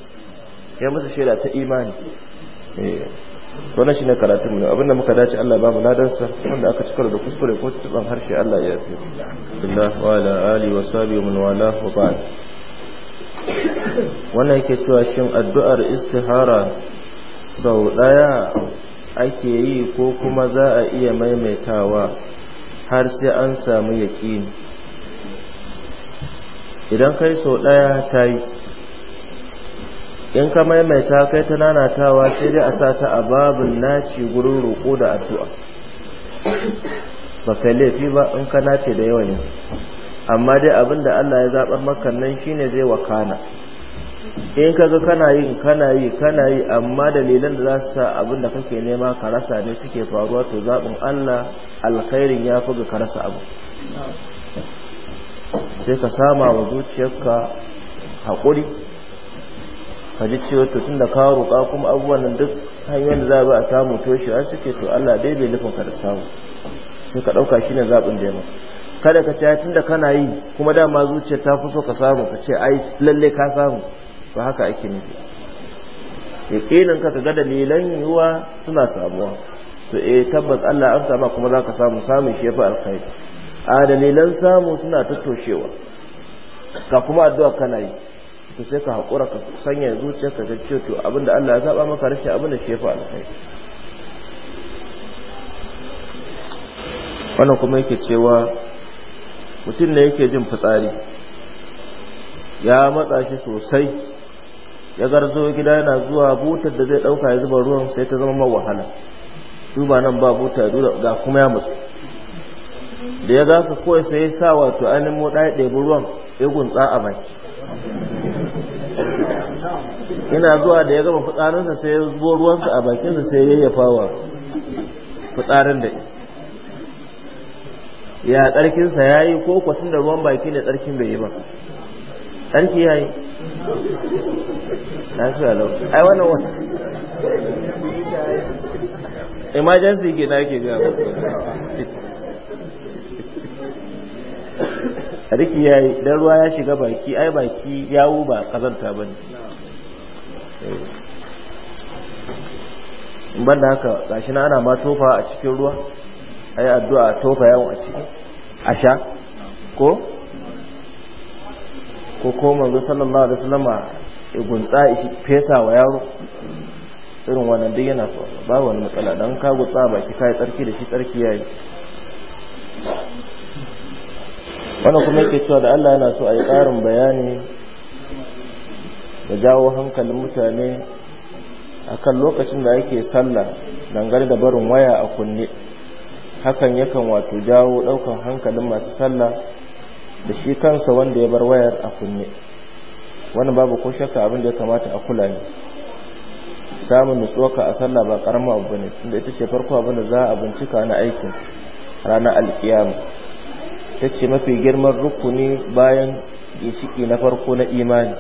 ya musu shaida ta imani eh, Wani shi shine karatun mu abinda muka dace Allah ba mu ladansa wanda aka cikar da kuskure ko tsiban harshe Allah ya yi billah wa ala ali wa sabi wa wala wa ba'd wannan yake cewa shin addu'ar istihara sau daya ake yi ko kuma za a iya maimaitawa har sai an samu yaƙini idan kai sau ɗaya ta yi in ka maimaita kai ta nanatawa sai dai a sa ta a babin naci gurin roƙo da addu'a ba kai laifi ba in ka nace da yawan amma dai abinda Allah ya zaɓar maka nan shine zai wakana in zo kana yi kana yi kana yi amma dalilan da za su sa abin da kake nema ka rasa ne suke faruwa to zaɓin Allah alkhairin ya fi ga ka rasa abu sai ka sama wa zuciyarka haƙuri ka ji cewa to tun da ka roƙa kuma abubuwan duk hanyar da za a bi a samu toshewa suke to Allah dai bai nufin ka da samu sai ka ɗauka shi ne zaɓin da yamma kada ka ce tun da kana yi kuma dama zuciyar ta fi so ka samu ka ce ai lalle ka samu ba haka ake nufi yaƙinin ka ga dalilan yiwuwa suna samuwa to eh tabbas Allah an sama kuma za ka samu samun shi alkhairi a dalilan samu suna tattoshewa ka kuma addu'a kana yi to sai ka haƙura ka sanya zuciya ka cewa to abinda Allah ya zaba maka rashin abinda shi yafi alkhairi wannan kuma yake cewa mutum ne yake jin fitsari ya matsa shi sosai ya garzo gida yana zuwa butar da zai dauka ya zuba ruwan sai ta zama mai wahala duba nan ba buta dura ga kuma ya mutu da ya zaka kawai sai ya sa wato ainihin mu ɗaya ɗebi ruwan ya gunsa a mai ina zuwa da ya gama fitsarinsa sai ya ruwan ruwansa a bakinsa sai ya yayyafa wa fitsarin da ya tsarkinsa ya yi ko kwatin da ruwan baki ne tsarkin bai yi ba tsarki ya yi lafiya lau ai wannan wani emergency ke na ke gaba riki ya yi don ruwa ya shiga baki ai baki yawu ba kazanta ba ne in banda haka gashi na ana ma tofa a cikin ruwa ai addu'a tofa yawon a ciki a sha ko ko ko manzo sallallahu alaihi wasallama ya gunsa fesa wa yaro irin wannan duk yana so ba wani matsala dan ka gutsa baki kai tsarki da shi tsarki yayi wannan kuma yake cewa da Allah yana so a yi ƙarin bayani da jawo hankalin mutane akan lokacin da ake sallah dangane da barin waya a kunne hakan yakan wato jawo ɗaukan hankalin masu sallah da shi kansa wanda ya bar wayar a kunne wannan babu ko shakka abin da ya kamata a kula ne samun nutsuwaka a sallah ba karamin abu ne tunda ita ce farko abin da za a bincika na aikin ranar alkiyama ta ce mafi girman rukuni bayan ginshiki na farko na imani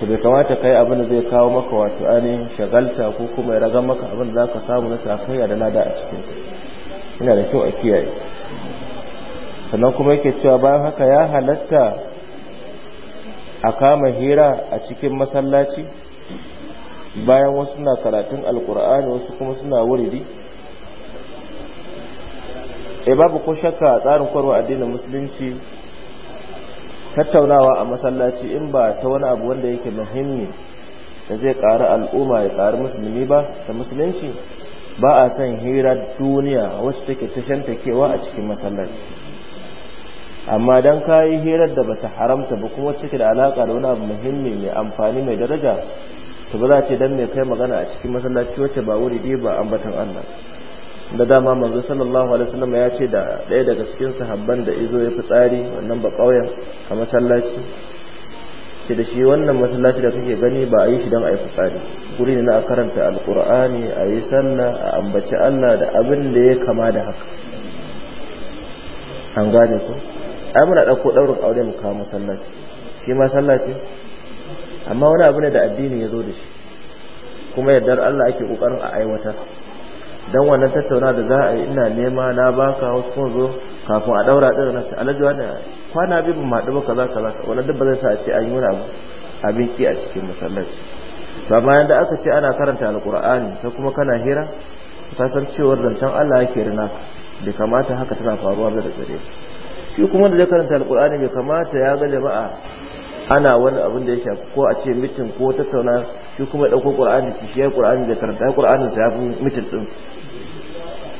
to bai kamata kai abin da zai kawo maka wato ainihin shagalta ko kuma ya ragan maka abin da za ka samu na sakayya da lada a cikin ina da kyau a kiyaye sannan kuma yake cewa bayan haka ya halatta a kama hira a cikin masallaci bayan wasu na karatun alkur'ani wasu kuma suna wuridi e babu ko shakka a tsarin kwarwa addinin musulunci tattaunawa a masallaci in ba ta wani abu wanda yake muhimmi da zai ƙari al'umma ya ƙari musulmi ba da musulunci ba a son hira duniya wacce take kewa a cikin masallaci amma don kayi hirar da bata haramta ba kuma take da alaka da wani abu muhimmi mai amfani mai daraja to ba za ce don mai kai magana a cikin masallaci wacce ba wuri biyu ba ambatan Allah da dama manzo sallallahu alaihi wasallam ya ce da ɗaya daga cikin sahabban da izo ya fitsari wannan ba ƙauyen a masallaci ce da shi wannan masallaci da kake gani ba a yi shi don a yi fitsari guri ne na a karanta alkur'ani a yi sallah a ambaci Allah da abin da ya kama da haka an gane ku ai muna ɗauko ɗaurin aure mu kawo masallaci shi ma sallah amma wani abu ne da addini ya zo da shi kuma yardar Allah ake ƙoƙarin a aiwata. don wannan tattauna da za a yi ina nema na baka wasu kuma zo kafin a ɗaura ɗin nasu alhaji wani kwana biyu ma maɗi ba kaza kaza wannan duk ba zai sa a ce an yi wani abu abin ki a cikin masallaci ba bayan da aka ce ana karanta alƙur'ani ta kuma kana hira ka san cewar zancen Allah yake rina bai kamata haka tana faruwa da tsare shi kuma da zai karanta alkur'ani bai kamata ya ga jama'a ana wani abin da ya shafi ko a ce mitin ko tattauna shi kuma ɗauko ƙur'ani ki shi ya ƙur'ani da karanta ƙur'anin sa ya fi mitin ɗin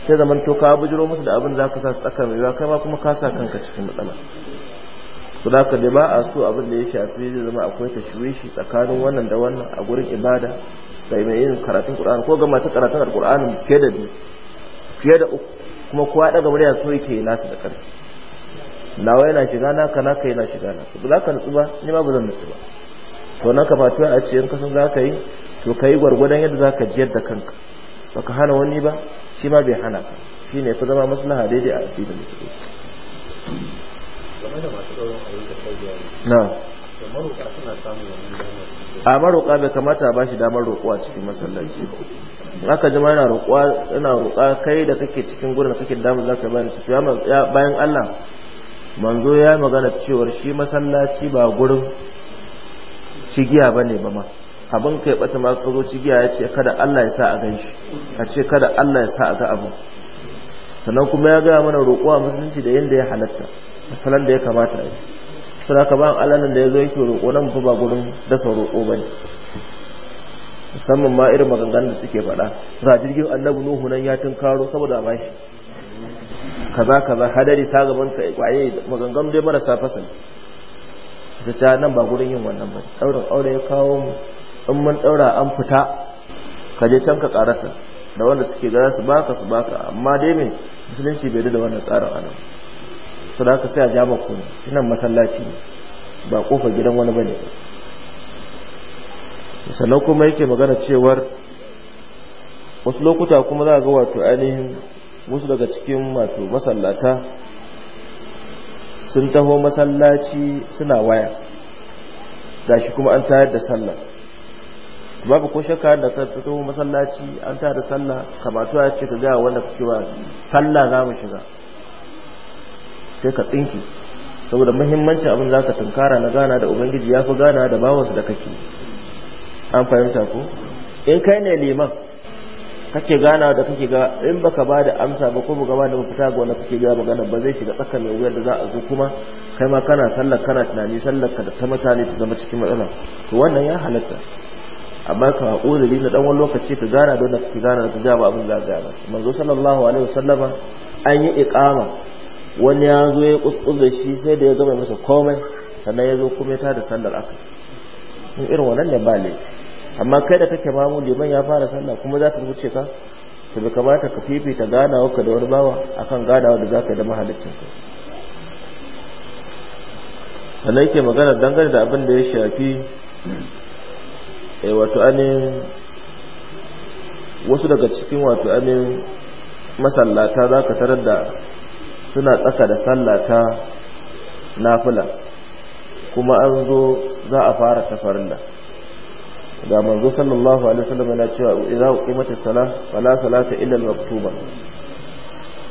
sai zaman to ka bujiro musu da abin da za ka sa su tsaka mai kai ma kuma ka sa kanka cikin matsala su da ka ba a so abin da ya shafi zai zama akwai ta shi tsakanin wannan da wannan a gurin ibada da mai yin karatun ƙur'ani ko ga masu karatun Alƙur'ani fiye da fiye da uku kuma kowa ɗaga murya so yake nasu da ƙarfi nawa yana shiga naka naka yana shiga naka ka za ka nutsu ba ni ma ba zan nutsu ba to na ka a ce in kasan za ka yi to ka yi gwargwadon yadda za ka jiyar da kanka ba ka hana wani ba shi ma bai hana ka shi ne fi zama maslaha daidai a asiri da musulmi na a maroƙa bai kamata ba shi damar roƙo a cikin masallaci ba aka jima yana roƙa kai da kake cikin gurin kake damar za ka bayan Allah manzo ya yi magana cewar shi masallaci ba gurin cigiya ba ne ba ma abin kai bata ma ka zo cigiya ya ce kada Allah ya sa a gan shi a ce kada Allah ya sa a ga abu sannan kuma ya gaya mana roƙo a musulunci da yadda ya halatta misalan da ya kamata a yi sura ka ba alalan da ya zo yake roƙo nan ba gurin dasa roƙo ba ne musamman ma irin maganganun da suke faɗa ga jirgin annabi nuhu nan ya tunkaro saboda bashi kaza kaza hadari sa gaban ka kwaye maganganun dai marasa fasali su ta nan ba gurin yin wannan ba daurin aure ya kawo mu in mun daura an fita ka je can ka karata da wanda suke gara su baka su baka amma dai me musulunci bai da wannan tsarin nan. to da haka sai a jama ku nan masallaci ba kofar gidan wani bane sannan kuma yake magana cewar wasu lokuta kuma za ga wato ainihin wasu daga cikin wato masallata sun taho masallaci suna waya gashi kuma an tayar da sallah babu ko shakka da ka taho masallaci an tayar da sallah kamatu ya ce ka ga wanda cewa sallah za mu shiga sai ka tsinki saboda muhimmancin abin za ka tunkara na gana da ubangiji ya fi gana da bawansu da kake an fahimta ko in kai ne liman kake gana da kake ga in baka ba da amsa ba ko baka ba da mafita ga wanda kake ga magana ba zai shiga tsaka mai wuyar da za a zo kuma kai ma kana sallar kana tunani sallar ka da ta mutane ta zama cikin matsala to wannan ya halatta amma ka uzuri na dan wani lokaci ka gana da wanda kake gana da ka ga ba abin da ga ba manzo sallallahu alaihi wasallama an yi iqama wani ya zo ya kuskure shi sai da ya gama masa komai sannan ya zo kuma ya tada sallar aka in irin wannan ne ba laifi amma kai da take mamu liman ya fara sallah kuma za ka wuce ka to bai kamata ka fifita ganawa ka da wani bawa akan ganawa da za ka yi da mahalicin ka sannan yake magana dangane da abin da ya shafi eh, wato anin wasu daga cikin wato anin masallata za ka tarar da suna tsaka da sallata nafula kuma an zo za a fara da. da manzo sallallahu alaihi wasallam yana cewa idza mata salah fala salata illa al-maktuba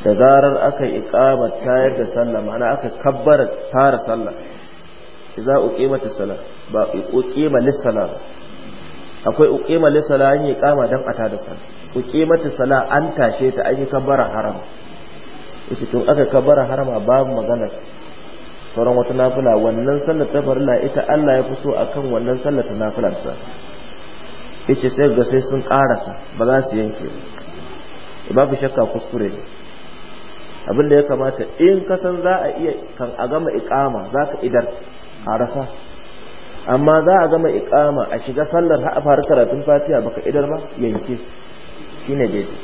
da zarar aka iqama tayar da sallah ma'ana aka kabbara fara sallah idza mata salah ba uqima lis-salah akwai uqima lis-salah an iqama dan ata da sallah uqimatis salah an tashe ta an yi kabbara haram ita tun aka kabbara harama babu magana sauran wata nafila wannan sallar ta farilla ita Allah ya fi so akan wannan sallar ta nafilarsa yace sai ga sai sun karasa ba za su yanke babu shakka kuskure ne abin da ya kamata in ka san za a iya kan a gama ikama za ka idar karasa amma za a gama ikama a shiga sallar har a fara karatun fatiha baka idar ba yanke shine daidai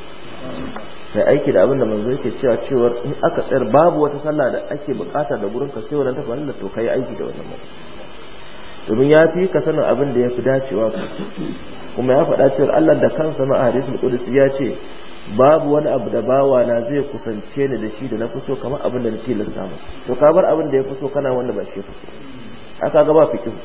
sai aiki da abin da manzo yake cewa cewar in aka tsayar babu wata sallah da ake bukata da gurin ka sai wannan ta fara to kai aiki da wannan domin ya fi ka sanin abin da ya fi dacewa kuma ya faɗa cewa Allah da kansa ma a hadisul qudsi ya ce babu wani abu da bawa na zai kusance ni da shi da na fito kamar abin da na tilasta masa to ka bar abin da ya fito kana wanda ba shi fito aka ga ba fikihu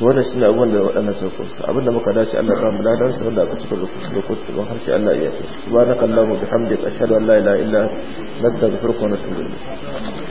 wannan ne abin da waɗannan sauƙon su abin da muka dace Allah ya mu ladan su wanda aka cika da kuskure ban harshe Allah ya yi subhanakallahumma bihamdika ashhadu an la ilaha illa anta astaghfiruka wa atubu ilayk